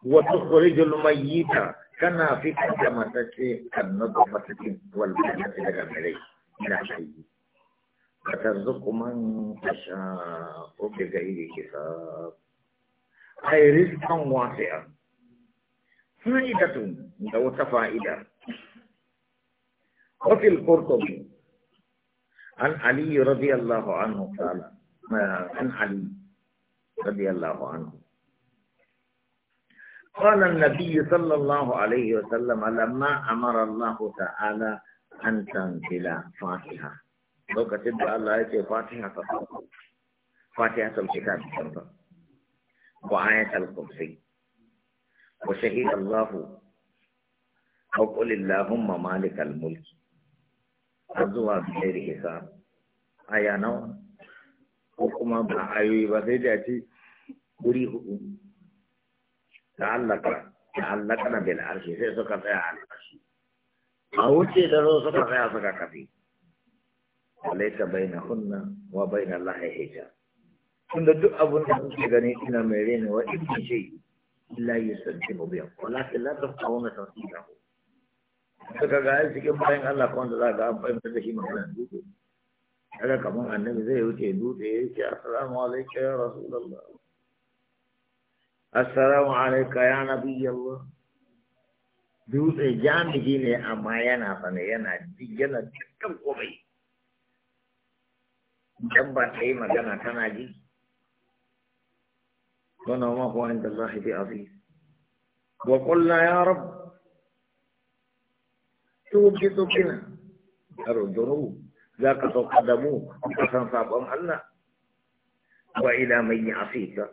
wa tukhriju al-mayyita kana fi kan an-nutfati wal baydati daga mere ina shi ka kuma man tasha ko ga iri kisa ay rizqan wasu فائدة لو فائدة وفي القرطبي عن علي رضي الله عنه قال عن علي رضي الله عنه قال النبي صلى الله عليه وسلم لما أمر الله تعالى أن تنزل فاتحة لو كتب الله يأتي فاتحة فاتحة الكتاب وآية القرصي وشهد الله أو قل اللهم مالك الملك أزوى بغير حساب آية نوع وكما بأيوي بسيدة guri hudu ta'allaka ta'allaka na bil arshi sai suka tsaya a arshi a wuce da zo suka tsaya suka kafi alaita baina hunna wa baina lahi hijab tunda duk abun da kuke ina mai rena wa illa yusaddimu bihi walakin la tafqahuna tafsirahu suka ga cikin bayan Allah ko wanda za ga an fahimta da shi magana dutse kaga kaman annabi zai wuce dutse ya ce assalamu alayka ya rasulullah assalamu alayka ya nabiyallah dutse jami'i ne amma yana sane yana yana dukkan komai dan ba ta yi magana tana ji وما هو عند الله بعزيز وقلنا يا رب توجد بنا أرجو ذاك تقدموا حسن صعبهم الله وإلى من يعصيك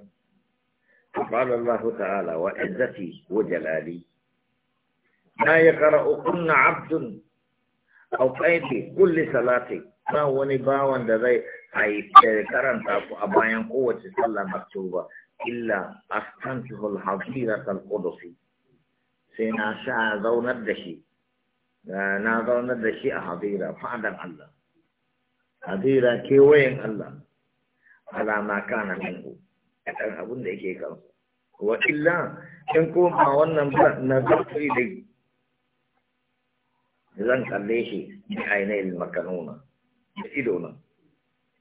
فقال الله تعالى وعزتي وجلالي ما يقرأكن عبد أو قيد كل صلاة ما ونباوا لذي أي كرن تابو أبايا قوة صلى مكتوبة إلا أستنكه الحظيرة القدسي سينا شاء ذو ندشي نا ذو ندشي حظيرة فعلا الله حظيرة كيوين الله على ما كان منه أتن أبن ديكي كان وإلا إن كوما ونن نظرت إلي زن كالليشي بعيني المكنونة بإدونا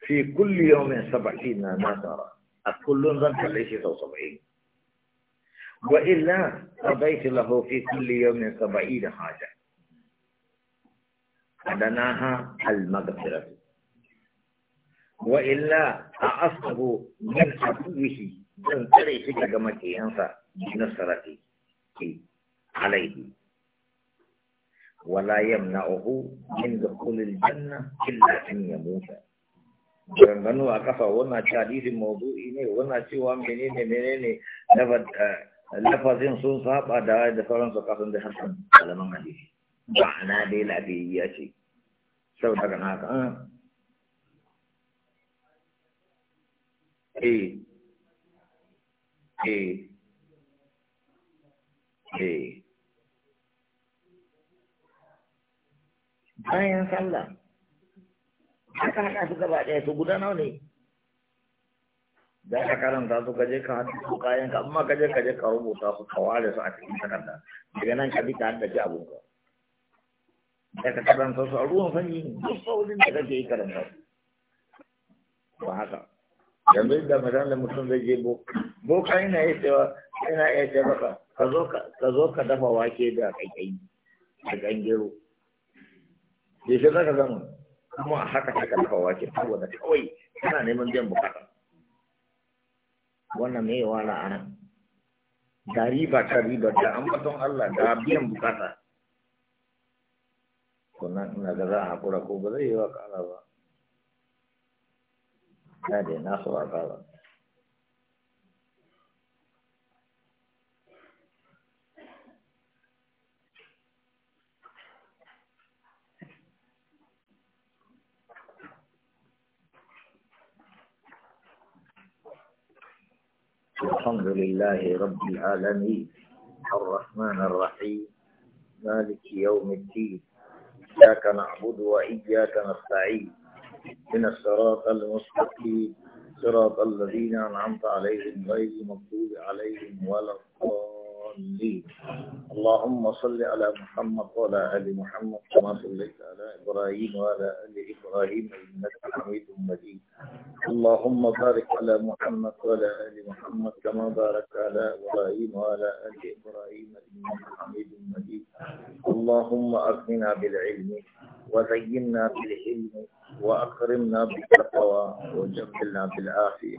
في كل يوم سبعين ترى a kullum zan kalle shi sau saba'in wa illa qadaitu lahu fi kulli yawmin saba'ina haja adanaha al-maghfirah wa illa a'asahu min aduwihi zan tsare shi daga makiyansa na sarati ke alaihi wala yamna'uhu min dukhulil janna illa an yamuta Ganganu a kafa wannan hadisin mawdu'i ne wannan cewa eh, menene menene lafazin sun saba da da sauransu kasan da hadisi dai ce eh eh eh bayan sallah aka haɗa su gaba ɗaya to guda nawa ne za ka karanta su kaje ka haɗu su kayan ka amma kaje kaje ka rubuta su ka ware su a cikin takarda daga nan ka bi ka haɗa ci abun ka da ka karanta su a ruwan fanyi duk saurin da kake yi karanta su ba haka yanzu da misalin mutum zai je boka boka yana iya cewa yana iya ce maka ka zo ka dafa wake da kai da gangero yaushe za ka zama kuma a haka ta kallafa wake saboda kawai tana neman biyan bukata wannan mai yawa a anan da riba ta riba da ambaton Allah da biyan bukata kuna ina ga za a haƙura ko ba zai yi wa kala ba ya dai na so a kala. الحمد لله رب العالمين الرحمن الرحيم مالك يوم الدين إياك نعبد وإياك نستعين من الصراط المستقيم صراط الذين أنعمت عليهم غير المغضوب عليهم ولا الضالين المصلين اللهم صل على محمد وعلى آل محمد كما صليت على إبراهيم وعلى آل إبراهيم إنك حميد مجيد اللهم بارك على محمد وعلى آل محمد كما باركت على إبراهيم وعلى آل إبراهيم إنك حميد مجيد اللهم أغننا بالعلم وزينا بالعلم وأكرمنا بالتقوى وجملنا بالعافية